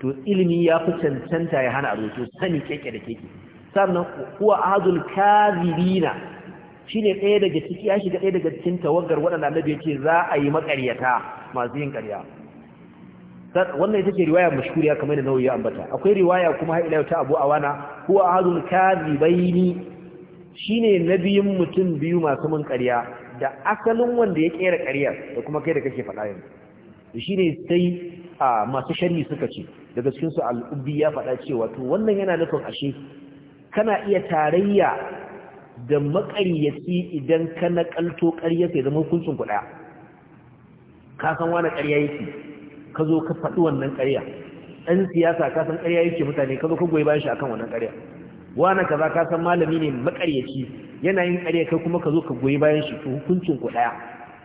to ilimi ya fi cancanta ya hana a ruwaito sani keke da keke sannan kuwa azul kazirina shi ne ɗaya daga ciki ya shiga ɗaya daga cikin tawagar waɗanda ya ce za a yi maƙaryata masu yin ƙarya wannan ita ce riwaya mashhuriya kamar da nawawi ya ambata akwai riwaya kuma har ila ta Abu Awana huwa ahadul kadhibaini shine nabiyin mutum biyu masu mun ƙarya da asalin wanda ya kera ƙarya da kuma kai da kake faɗa yanzu shine sai a masu sharri suka ce daga cikin su al-ubbi ya faɗa cewa to wannan yana nufin ashe kana iya tarayya da maƙaryaci idan ka naƙalto ƙarya sai zama hukuncin kuɗa ka san wani ƙarya yake ka zo ka faɗi wannan ƙarya ɗan siyasa ka san ƙarya yake mutane ka zo ka goyi bayan shi akan wannan ƙarya wani kaza ka san malami ne maƙaryaci yana yin ƙarya kai kuma ka zo ka goyi bayan shi to hukuncin ku ɗaya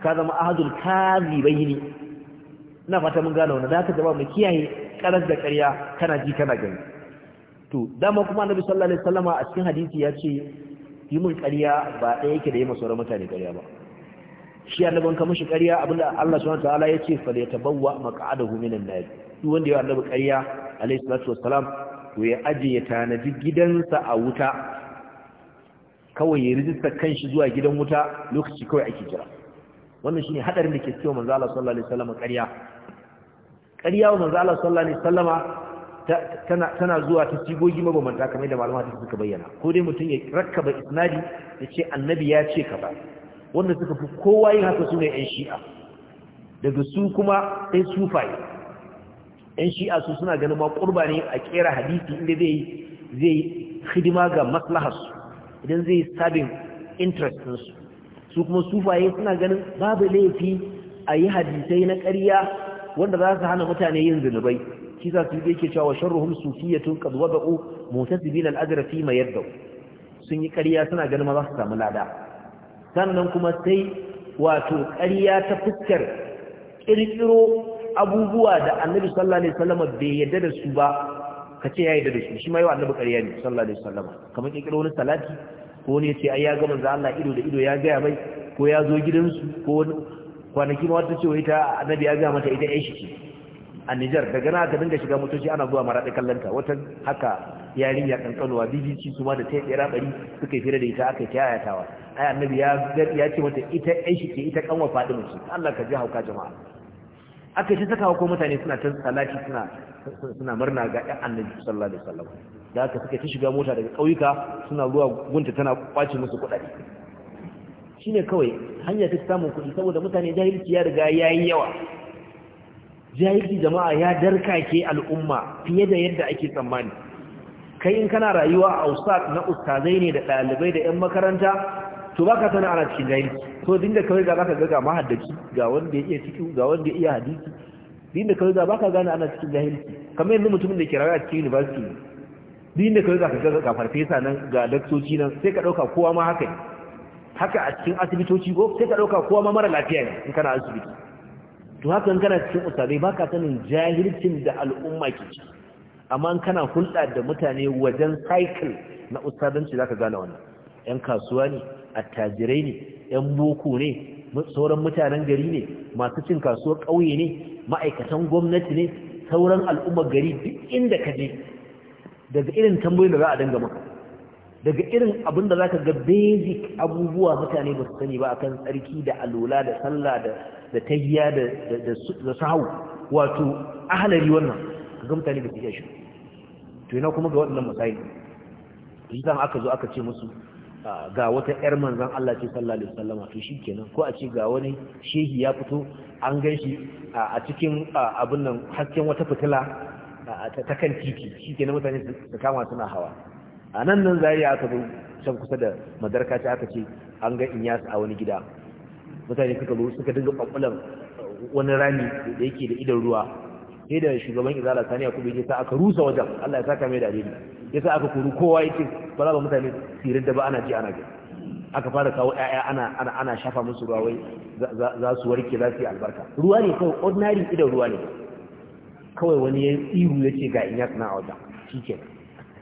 ka zama ahadul kazibaini ina fata mun gane wannan da haka jama'a mu kiyaye karar da ƙarya kana ji kana gani to dama kuma annabi sallallahu alaihi wasallama a cikin hadisi ya ce yi mun ƙarya ba ɗaya yake da yi wani mutane ƙarya ba shi annabin ka mishi ƙarya abinda Allah subhanahu wataala ya ce fa yatabawwa maq'adahu minan nar duk wanda ya annabi ƙarya alayhi salatu wassalam to ya aje ya tanaji gidansa a wuta kawai ya rijista kanshi zuwa gidan wuta lokaci kawai ake jira wannan shine hadarin da ke cewa manzo Allah sallallahu alaihi wasallam ƙarya ƙarya wa manzo Allah sallallahu alaihi wasallam tana tana zuwa ta sigogi mabambanta kamar da malama ta suka bayyana ko dai mutum ya rakkaba isnadi ya ce annabi ya ce ba wanda suka fi kowa yin haka su ne 'yan shi'a daga su kuma sai sufai 'yan shi'a su suna ganin ma ƙurba ne a ƙera hadisi inda zai zai hidima ga maslaharsu idan zai sabin interestinsu su kuma sufaye suna ganin babu laifi a yi hadisai na ƙarya wanda za su hana mutane yin zunubai kisa su yake cewa sharruhum sufiyatun qad wada'u mutasibina al-ajra fi ma yaddau sun yi ƙarya suna ganin ma za su samu lada sannan kuma sai wato ƙarya ta fuskar ƙirƙiro abubuwa da annabi sallallahu alaihi wasallam bai yarda da su ba ka ce ya yarda da su shi ma yawa annabi ƙarya ne sallallahu alaihi wasallam kamar ƙirƙiro wani salati ko ne sai ai ya ga manzo Allah ido da ido ya gaya mai ko ya zo gidansu ko kwanaki ma wata ce wai ta annabi ya ga mata ita ai shi ce. a Nijar daga na ta dinga shiga motoci ana zuwa maraɗi kallanta wata haka yarinya kankanuwa BBC su ma da ta yi tsira ɓari suka yi fira da ita aka yi ta yayatawa ai annabi ya ya ce mata ita ai shi ke ita kanwa Fatima ce Allah ka ji hauka jama'a aka ce saka ko mutane suna ta salati suna suna murna ga ɗan annabi sallallahu alaihi wasallam da aka suka ta shiga mota daga ƙauyuka suna zuwa gunta tana kwace musu kuɗaɗe shine kawai hanya ta samun kuɗi saboda mutane jahilci ya riga yayi yawa jahilci jama'a ya darkake al'umma fiye da yadda ake tsammani kai in kana rayuwa a ustaz na ustazai ne da ɗalibai da 'yan makaranta to baka sana ana cikin jahili to dinda da kawai ga baka ga ga mahaddaci ga wanda ya iya cikin ga wanda ya iya hadisi dinda da kawai ga baka gane ana cikin jahili kamar yanzu mutumin da ke rayuwa cikin university din da kawai ga ka ga farfesa nan ga daktoci nan sai ka dauka kowa ma haka haka a cikin asibitoci ko sai ka dauka kowa ma mara lafiya ne in kana asibiti to haka in kana cikin usabe baka sanin jahilcin da al'umma ke ci amma in kana hulɗa da mutane wajen cycle na ustadanci zaka gane wannan 'yan kasuwa ne attajirai ne 'yan boko ne sauran mutanen gari ne masu cin kasuwar ƙauye ne ma'aikatan gwamnati ne sauran al'ummar gari duk inda ka je daga irin tambayoyin da za a danga maka daga irin abin da za ka ga basic abubuwa mutane ba su sani ba akan tsarki da alola da sallah da tayya da sahau wato ahalari wannan ga mutane ba su iya shi to yana kuma ga waɗannan masayi idan aka zo aka ce musu ga wata ƴar manzon Allah ce sallallahu alaihi wasallama to kenan, ko a ce ga wani shehi ya fito an gan shi a cikin abin nan hasken wata fitila ta kan titi kenan mutane su kama suna hawa a nan nan zariya aka zo can kusa da madarka ce aka ce an ga inyas a wani gida mutane suka zo suka dinga kwakwalar uh, wani rami da yake da idan ruwa sai da shugaban izala saniya kuma ya sa aka rusa wajen Allah ya saka mai da alheri yasa aka kuru kowa yake ba za ba mutane sirin da ba ana ji ana ji aka fara kawo ƴaƴa ana ana ana shafa musu ruwa wai za su warke za su yi albarka ruwa ne kawai ordinary idan ruwa ne kawai wani ya tsiru ya ce ga in ya tsina a wajen shi ke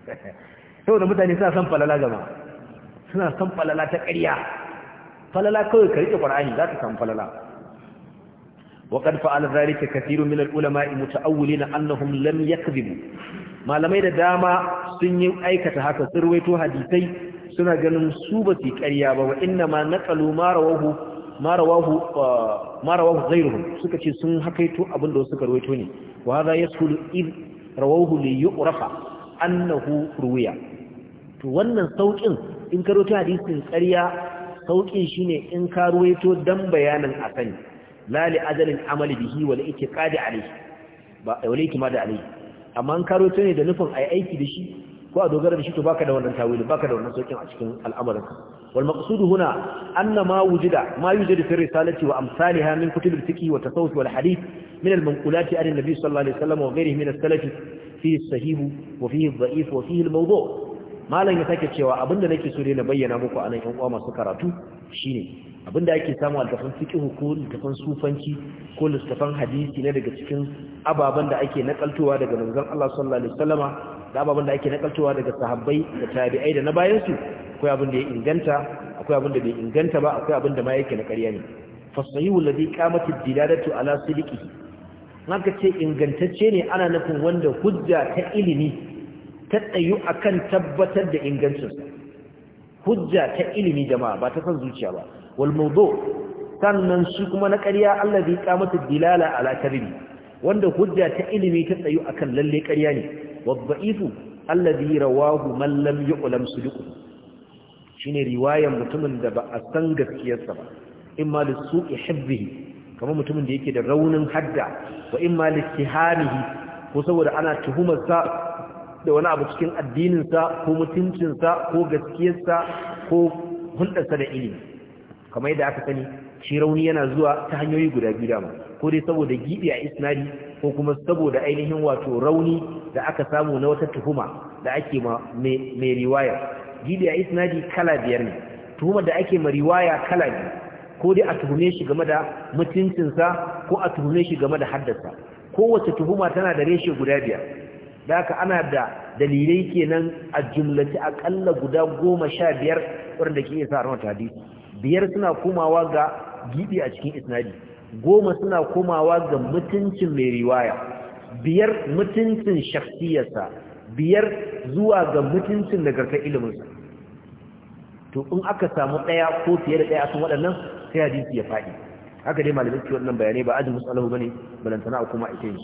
saboda mutane suna son falala gama suna son falala ta ƙarya falala kawai ka riƙe ƙwar'ani za ka san falala وقد فعل ذلك كثير من العلماء متأولين أنهم لم يكذبوا malamai da dama sun yi aikata haka sirwaito hadisai suna ganin su ba su ƙarya ba wa inna ma naqalu ma rawahu ma rawahu ma rawahu suka ce sun hakaito abin da suka rawaito ne wa hadha yasulu id rawahu li yu'rafa annahu ruwiya to wannan saukin in ka rawaito hadisin ƙarya saukin shine in ka rawaito dan bayanin asani la li ajalin amali bihi wal itiqadi alayhi ba wal itiqadi alayhi amma an karo ta ne da nufin a aiki da shi ko a dogara da shi to baka da wannan tawilin baka da wannan saukin a cikin al'amarin wal maqsudu huna anna ma wujida ma yujadu fi risalati wa amsalha min kutub al-fiqh wa tasawuf wal hadith min al-manqulati an an-nabi sallallahu alaihi wasallam wa ghayrihi min as-salaf fi as-sahih wa fi ad-da'if wa fi al-mawdu' malan ya sake cewa abinda nake so dai na bayyana muku anan yan uwa masu karatu shine abinda ake samu a littafin ko littafin sufanci ko littafin hadisi ne daga cikin ababen da ake nakaltowa daga manzon Allah sallallahu alaihi wasallama da ababen da ake nakaltowa daga sahabbai da tabi'ai da na bayan su akwai abin da ya inganta akwai abin da bai inganta ba akwai abin da ma yake na ƙarya ne fasahihu alladhi qamatid dilalatu ala sidqihi haka ce ingantacce ne ana nufin wanda hujja ta ilimi ta tsayu akan tabbatar da ingancinsa hujja ta ilimi jama'a ba ta san zuciya ba wal sannan shi kuma na karya Allah allazi qamatu dilala ala kadhibi wanda hujja ta ilimi ta tsayu akan lalle karya ne wadda'ifu allazi rawahu man lam yuqlam sidqu shine riwayan mutumin da ba a san gaskiyarsa ba imma lisuqi hibbihi kamar mutumin da yake da raunin hadda wa imma litihamihi ko saboda ana tuhumarsa da wani abu cikin addinin sa ko mutuncinsa, ko gaskiyarsa ko hulɗarsa da ilimi kamar yadda aka sani shi rauni yana zuwa ta hanyoyi guda biyu dama ko dai saboda gibi a isnadi ko kuma saboda ainihin wato rauni da aka samu na wata tuhuma da ake ma mai riwaya gibi a isnadi kala biyar ne tuhuma da ake ma riwaya kala biyu ko dai a tuhume shi game da mutuncinsa ko a tuhume shi game da haddasa kowace tuhuma tana da reshe guda biyar da haka ana da dalilai kenan a jumlaci aƙalla guda goma sha biyar wanda ke iya sa hadisi biyar suna komawa ga gibi a cikin isnadi goma suna komawa ga mutuncin mai riwaya biyar mutuncin shakhsiyarsa biyar zuwa ga mutuncin garkar iliminsa to in aka samu ɗaya ko fiye da ɗaya sun waɗannan sai hadisi ya faɗi haka dai malamai ke wannan bayanai ba ajin musalahu bane balantana a kuma ita yi.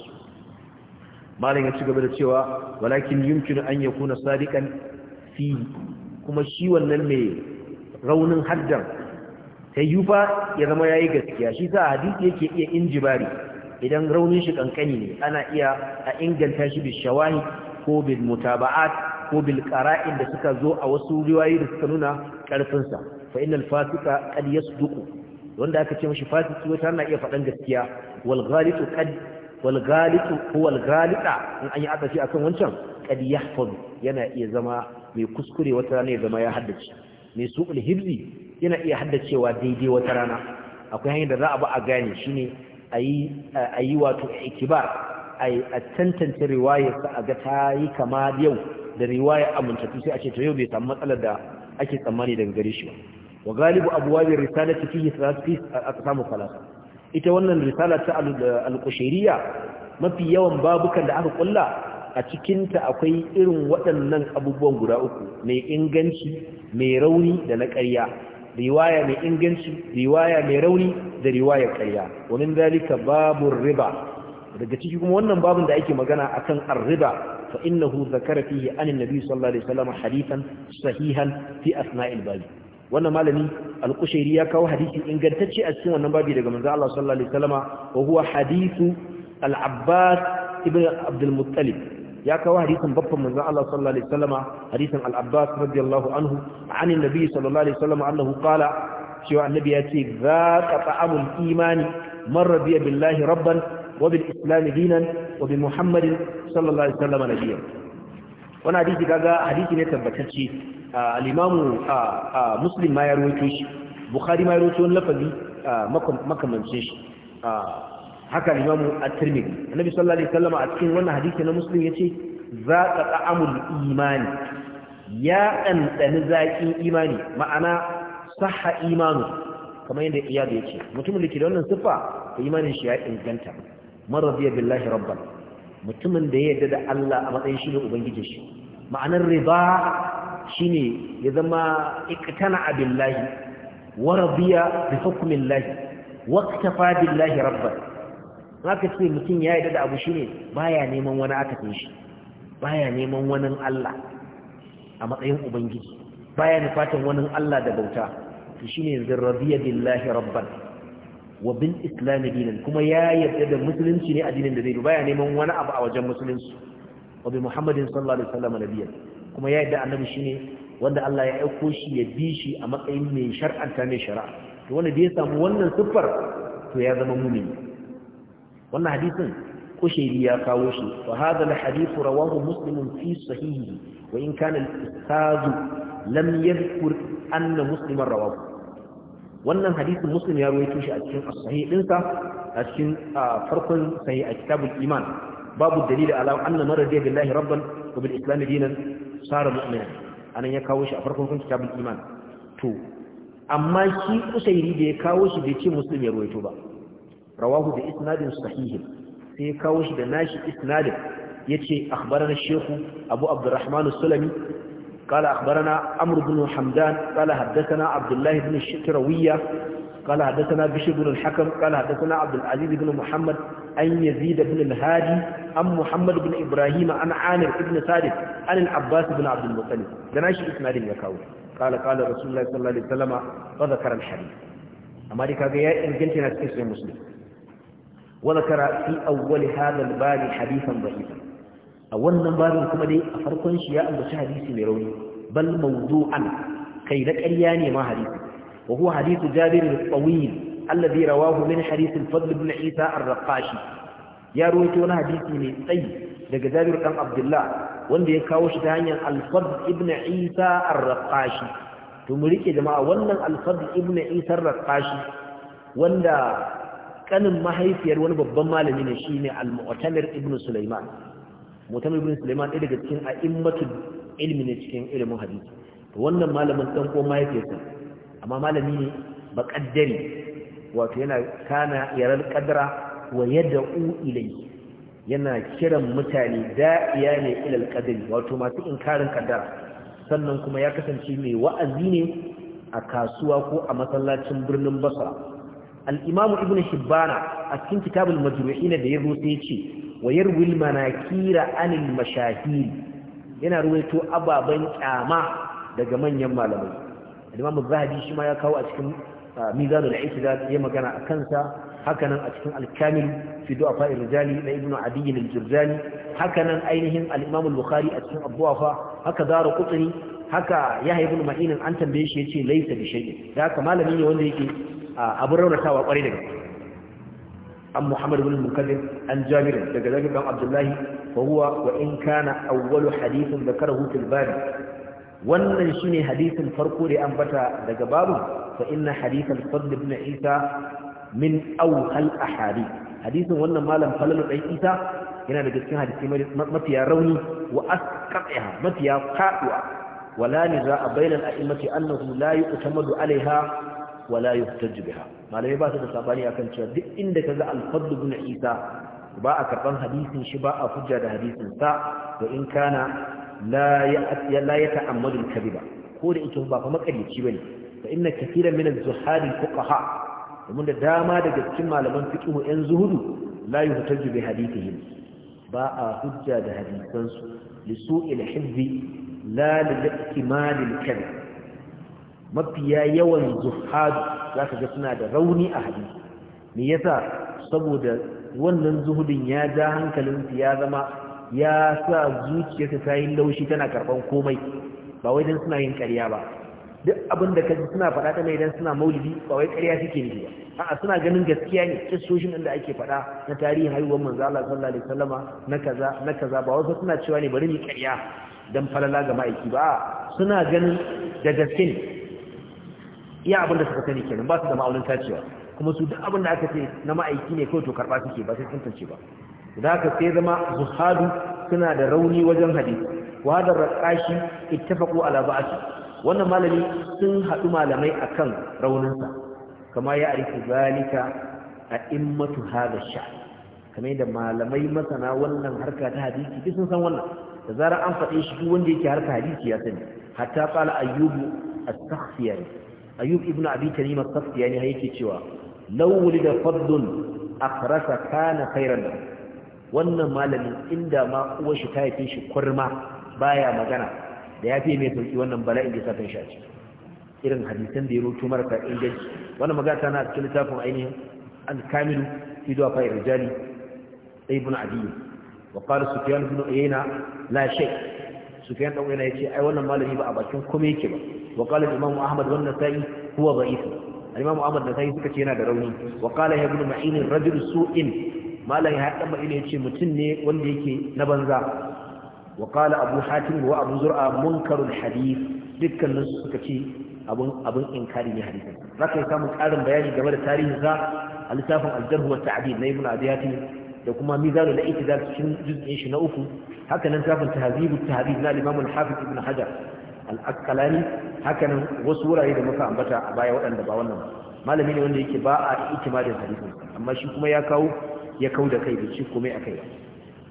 malam ya ci gaba da cewa walakin yumkinu an yakuna sadiqan fi kuma shi wannan mai raunin haddan ta yi fa ya zama ya yi gaskiya shi sa hadisi yake iya injibari idan raunin shi kankani ne ana iya a inganta shi bi shawahi ko bil mutaba'at ko bil qara'in da suka zo a wasu riwayoyi da suka nuna karfin sa fa innal fasika qad yasduqu wanda aka ce mishi fasiki wata na iya faɗan gaskiya wal ghalitu qad wal ghalitu ghalita in an yi aka ce akan wancan qad yahfaz yana iya zama mai kuskure wata ne zama ya haddace mai su'ul hibzi yana iya haddacewa daidai wata rana akwai hanyar da za a ba a gane ne a yi wato ikibar a tantance sa a ga ta yi kama yau da riwayar amintattu sai a ce ta yau bai samu matsalar da ake tsammani daga gare shi ba wa galibu abuwabin risalati fihi a samu falasa ita wannan risala ta al mafi yawan babukan da aka kulla a cikin ta akwai irin waɗannan abubuwan guda uku mai inganci mai rauni da na ƙarya riwaya mai inganci riwaya mai rauni da riwaya karya wani zalika babu riba daga ciki kuma wannan babun da ake magana akan arriba fa innahu zakara fiye anin annabi sallallahu alaihi wasallam hadithan sahihan fi asna'il bab wannan malami al ya kawo hadisi ingantacce a cikin wannan babi daga manzo Allah sallallahu alaihi wasallam wa huwa hadithu al-abbas ibn abdul muttalib ya kawo hadisin babban manzo Allah sallallahu alaihi wasallama hadisin al-Abbas radiyallahu anhu an annabi sallallahu alaihi wasallama annahu qala cewa annabi ya ce zaqa ta'amul imani man radiya billahi rabban wa bil islam dinan wa bi muhammadin sallallahu alaihi wasallama nabiyyan wannan hadisi kaga hadisi ne tabbatacce al-imamu muslim ma ya rawaito shi bukhari ma ya rawaito wannan lafazi makamancin shi haka limamu at-tirmidhi annabi sallallahu alaihi wasallam a cikin wannan hadisi na muslim yace zaqa ta'amul imani ya ɗanɗani zakin imani ma'ana saha imanu kamar yadda iyadu ya ce mutumin da ke da wannan siffa da imanin shi ya inganta maradiya billahi rabban mutumin da ya yarda da Allah a matsayin shi ne ubangiji shi ma'anar riba shine ya zama iqtana billahi wa radiya bi hukmillahi waqtafa billahi rabban haka ce mutum ya yarda da abu shine baya neman wani aka tin shi baya neman wani Allah a matsayin ubangiji baya ne fatan wani Allah da bauta to shine zirradiya billahi rabban wa bil islam dinan kuma ya yarda da musulunci ne a addinin da zai baya neman wani abu a wajen musulunci wa bi muhammadin sallallahu alaihi wasallam nabiyyan kuma ya yarda annabi shine wanda Allah ya aiko shi ya bi shi a matsayin mai shar'anta mai shari'a to wanda da ya samu wannan siffar to ya zama mumini wannan hadisin kushairi ya kawo shi fa hadha alhadith rawahu muslim fi sahihi wa in kana al-ustad lam yadhkur anna rawahu wannan hadisin muslim ya rawaito shi a cikin as-sahih a cikin farkon sahih a kitabul iman babu dalili ala anna man radiya billahi rabban wa bil islam dinan sara mu'mina anan ya kawo shi a farkon kitabul iman to amma shi kusairi da ya kawo shi bai ce muslim ya rawaito ba rawahu da isnadin sahihin sai kawo shi da nashi isnadin ya ce akbarar shehu abu abdurrahmanu sulami kala akbarana amur bin hamdan kala haddasana abdullahi bin shikirawiya kala haddasana bishir bin hakam kala haddasana abdulaziz bin muhammad an yazid bin alhadi an muhammad bin ibrahim an anir ibn bin abdul muttalib da nashi isnadin ya kawo kala kala rasulullahi sallallahu alaihi wasallama fa zakara al amma dai kaga ya inganta na cikin muslim وذكر في أول هذا الباب حديثا ضعيفا أولا باب كما دي أفرقن شيئا بس حديثي ميروني بل موضوعا كي لك ألياني ما حديثي وهو حديث جابر الطويل الذي رواه من حديث الفضل بن عيسى الرقاشي يا رويت وانا حديثي من طي لك جابر بن عبد الله wanda ya kawo shi ta hanyar alfad ibn isa arraƙashi to mu rike jama'a wannan alfad ibn isa arraƙashi wanda kanin mahaifiyar wani babban malami ne shine al-mu'tamir ibn sulaiman mu'tamir ibn sulaiman ɗaya daga cikin a'immatul ilmi ne cikin ilimin hadisi wannan malamin dan ko mahaifiyarsa amma malami ne ba kaddari wato yana kana yaral qadra wa yad'u ilayhi yana kiran mutane da'iya ne ilal qadri wato masu inkarin kaddara sannan kuma ya kasance mai wa'azi ne a kasuwa ko a masallacin birnin Basra al ibnu ibn a cikin kitabul majruhin da ya rusa ce wa yarwil kira anil mashahir yana ruwaito ababen kyama daga manyan malamai al-imam zahabi ya kawo a cikin mizanul i'tidal ya magana a kansa hakanan a cikin al-kamil fi du'afa ar-rijali na ibn adi hakanan ainihin al-imam a cikin abwafa haka daru qutni haka ya ibn ma'in an tambaye shi yace laysa bi shay'in da haka malami ne wanda yake abin raunatawa kwarai da gaske an muhammad bin mukallin an jabir daga zagin dan abdullahi fa huwa wa in kana awwalu hadithun zakarahu fil bab wannan shine hadisin farko da an bata daga babu fa inna hadithal fadl na isa min awhal ahadith hadisin wannan malam falalu ɗan isa yana daga cikin hadisi mafiya rauni wa asqaha mafiya faduwa wala niza'a bainal a'immati annahu la utamadu alaiha wala yuhtaj biha malai ba su da sabani akan cewa duk inda kaga al-fadl ibn isa ba a karban hadisin shi ba a hujja da hadisin sa wa in kana la ya la yata'ammadu al-kadhiba ko da ita ba fa makalici bane fa inna katiran min az-zuhad al-fuqaha domin da dama daga cikin malaman fiqh yan zuhudu la yuhtaj bi hadithihim ba a hujja da hadisansu li su'il hizbi la li ihtimal al-kadhib mafiya yawan zuhadu za ka ga suna da rauni a hadisi me yasa saboda wannan zuhudin ya ja hankalin su ya zama ya sa zuciyarsa ta yi laushi tana karban komai ba wai don suna yin ƙarya ba duk abin da kaji suna faɗa ta mai don suna maulidi ba wai ƙarya suke nufi ba a'a suna ganin gaskiya ne kissoshin da ake faɗa na tarihin haihuwar manzo Allah sallallahu alaihi wasallama na kaza na kaza ba wasu suna cewa ne bari mu ƙarya dan falala ga ma'aiki ba suna ganin da gaske ne iya abin da suka sani kenan ba su da ma'aunin tacewa kuma su duk abin da aka ce na ma'aiki ne kawai to karɓa suke ba sai tantance ba da haka sai zama zuhadu suna da rauni wajen hadisi wa da raqashi ittafaqu ala ba'ati wannan malami sun haɗu malamai akan rauninsa kama ya arifu zalika a immatu hada sha kamar da malamai masana wannan harka ta hadisi duk sun san wannan da zarar an faɗe shi duk wanda yake harka hadisi ya sani hatta qala ayyubu as-sakhsiyani ayyub ibn abi tarim as-safiyani yake cewa law wulida fadlun akhrasa kana khairan lahu wannan malamin inda ma uwar shi ta haife shi kurma baya magana da yafi mai sauki wannan bala'in da satan shi a ciki irin hadisan da ya roto marasa inganci wannan magana tana cikin littafin ainihin al kamilu fi du'a fa'ir rijali ibn abi wa qala sufyan ibn uyayna la shay' sufyan dan uwana yace ai wannan malami ba a bakin komai yake ba wa qala imam ahmad wa an-nasa'i huwa da'if imam ahmad da sai suka ce yana da rauni wa qala ibn ma'in rajul su'in malami har dan ma'in yace mutum ne wanda yake na banza wa qala abu hatim wa abu zur'a munkarul hadith dukkanin su suka ce abun abun inkari ne hadisin zaka yi samun karin bayani game da tarihin sa alisafin littafin al-jarh wa ta'dil na ibn abi hatim da kuma mizanu da itidal cikin juz'in shi na uku haka nan shafin tahzibu tahzib na imam al-hafiz ibn hajar al-asqalani wasu wurare da muka ambata a baya waɗanda ba wannan malami ne wanda yake ba a ikima da hadisi amma shi kuma ya kawo ya da kai da shi kuma a kai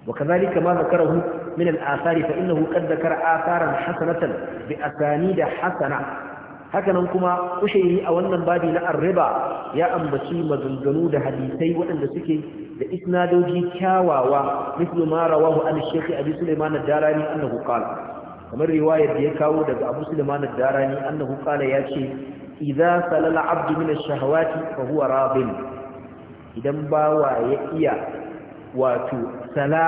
wa kazalika ma zakarahu min al-athari fa innahu qad zakara atharan hasanatan bi da hasana haka nan kuma kushairi a wannan babi na ar ya ambaci mazungunu da hadisai waɗanda suke da isnadoji kyawawa mislu ma rawahu an shaykh abi sulaiman ad-darani annahu qala kamar riwayar da ya kawo daga abu sulaiman ad-darani annahu qala yace idza salala abdu min ash-shahawati fa huwa rabin idan bawa ya iya wato sala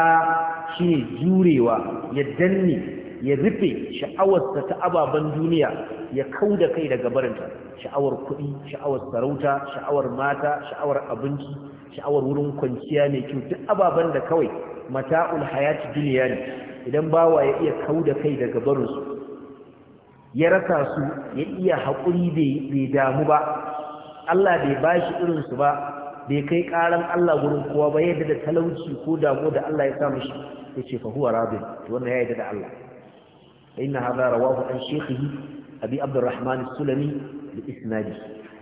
shine jurewa ya danne ya rufe sha'awarsa ta ababen duniya ya kau da kai daga barinta sha'awar kuɗi sha'awar sarauta sha'awar mata sha'awar abinci sha'awar wurin kwanciya mai kyau duk ababen da kawai mata'ul hayati duniya ne idan bawa ya iya kau da kai daga barinsu ya rasa su ya iya haƙuri bai damu ba Allah bai bashi irinsu ba bai kai karan Allah gurin kowa ba yadda da talauci ko damu da Allah ya sa Ya yace fa huwa rabin wannan ya yadda da Allah inna hadha rawahu an shaykhihi abi abdurrahman as-sulami bi isnadi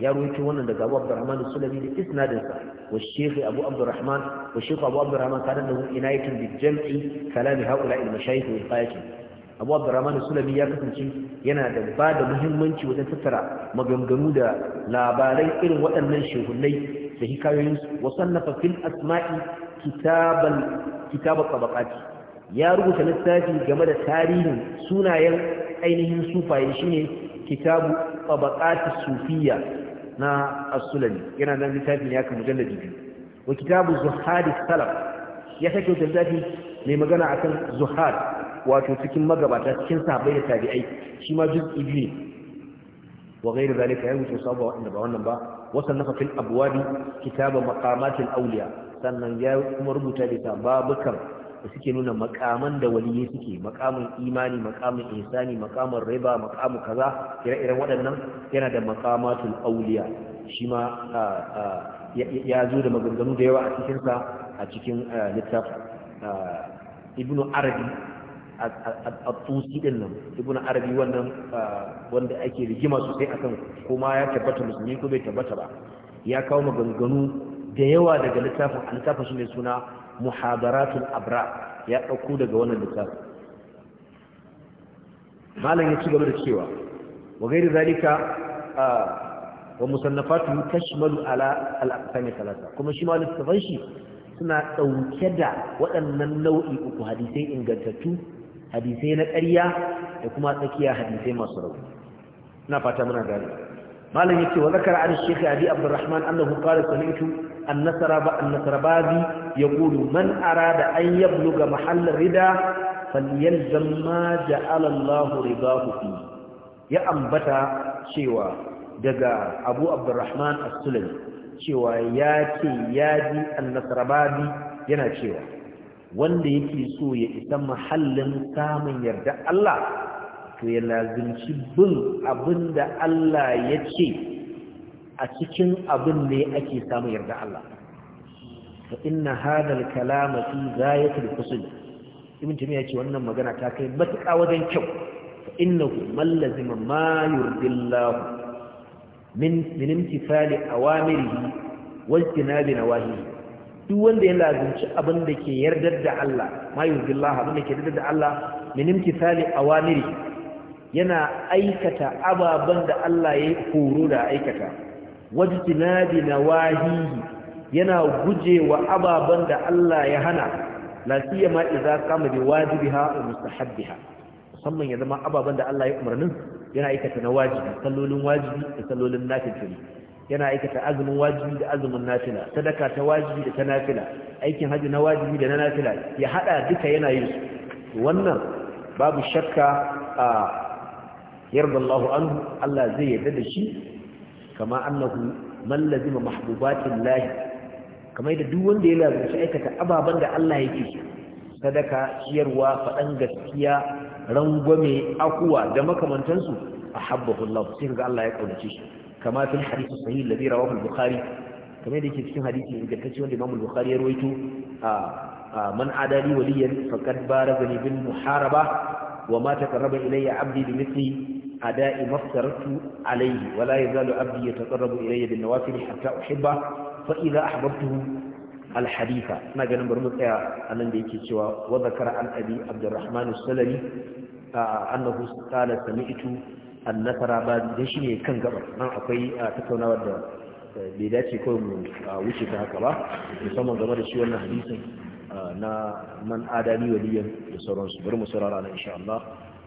ya rawaito wannan da abu abdurrahman as-sulami da isnadin sa wa shaykh abu abdurrahman wa shaykh abu abdurrahman kana lahu haula al-mashayikh wa iqayati abu abdurrahman as-sulami ya kasance yana da ba da muhimmanci wajen tattara maganganu da labarai irin waɗannan shehullai da hikayoyinsu wa sannafa asma'i kitabal kitabal ya rubuta littafi game da tarihin sunayen ainihin sufaye shine kitabu tabaqat Sufiya na as-sulami yana nan littafin ya kan mujallad biyu wa kitabu zuhad salaf ya sake wata littafi mai magana akan zuhad wato cikin magabata cikin sahabbai da tabi'ai shi ma juz'i biyu ne wa ghairu zalika ya rubuta sabuwa inda ba wannan ba wasannafa fil abwabi kitaba maqamatil awliya sannan ya kuma rubuta bisa babukan da suke nuna makaman da waliyi suke makamin imani makamin insani makamin riba makamin kaza ire-iren waɗannan yana da makamatul auliya shi ma ya zo da maganganu da yawa a sa a cikin littafin ibnu arabi a tusi din nan ibnu arabi wannan wanda ake rigima sosai akan kuma ya tabbata musulmi ko bai tabbata ba ya kawo maganganu da yawa daga littafin littafin shi ne suna muhadaratul abra ya ɗauko daga wannan littafin malam ya ci gaba da cewa wa gairi zalika wa musannafatu tashmalu ala al-aqsam thalatha kuma shi ma shi suna ɗauke da waɗannan nau'i uku hadisai ingantattu hadisai na ƙarya da kuma tsakiya hadisai masu rauni ina fata muna gane malam yake wa zakara an shaykh abi abdurrahman annahu qala sami'tu annasara ba ya kudu man ara da an yablu ga mahallar rida faliyar da ja'alallahu riga hufi ya ambata cewa daga abu abdurrahman asulani cewa ya ce ya ji annasara ba yana cewa wanda yake so ya isa mahallin samun yarda Allah to ya lazimci bin abin da Allah ya ce a cikin abin ne ake samun yarda Allah fa inna hadal kalama fi zayatil husn ibn tumiya ce wannan magana ta kai matuƙa wajen kyau fa innahu man lazima ma yurdillahu min min imtithali awamirihi wa na nawahihi duk wanda ya lazimci abin da ke yardar da Allah ma yurdillahu abin da ke yardar da Allah min imtithali awamirihi yana aikata ababen da Allah ya yi horo da aikata na wahihi yana gujewa ababan da Allah ya hana la siyama idza qama bi wajibiha wa ha. musamman ya zama ababan da Allah ya umarnin yana aikata na wajibi sallolin wajibi da sallolin nafila yana aikata azumin wajibi da azumin nafila sadaka ta wajibi da ta nafila aikin haji na wajibi da na nafila ya hada duka yana yin su wannan babu shakka a yarda anhu Allah zai yarda da shi kama annahu man lazima mahbubatin lahi kamar da duk wanda ya lazumci aikata ababen da Allah yake so sadaka ciyarwa faɗan gaskiya rangwame akuwa da makamantansu a habbahu Allah sai ga Allah ya kaunace shi kama fil hadisi sahih alladhi rawahu al-bukhari kamar yake cikin hadisi ingantacce wanda Imam al-Bukhari ya rawaito a man adali waliyan faqad barazani bil muharaba wa ma taqarraba ilayya 'abdi bi mithli أداء ما افترضت عليه ولا يزال عبدي يتقرب إلي بالنوافل حتى أحبه فإذا أحببته الحديث ما قال نمبر مطيع أن ذيك سوى وذكر عن أبي عبد الرحمن السلمي أنه قال سمعت النثر بعد دشني كان قبل ما أقي تكون ود بداية كون وشي هكذا musamman game da shi wannan hadisin na man adali waliyan da sauransu bari mu saurara na insha Allah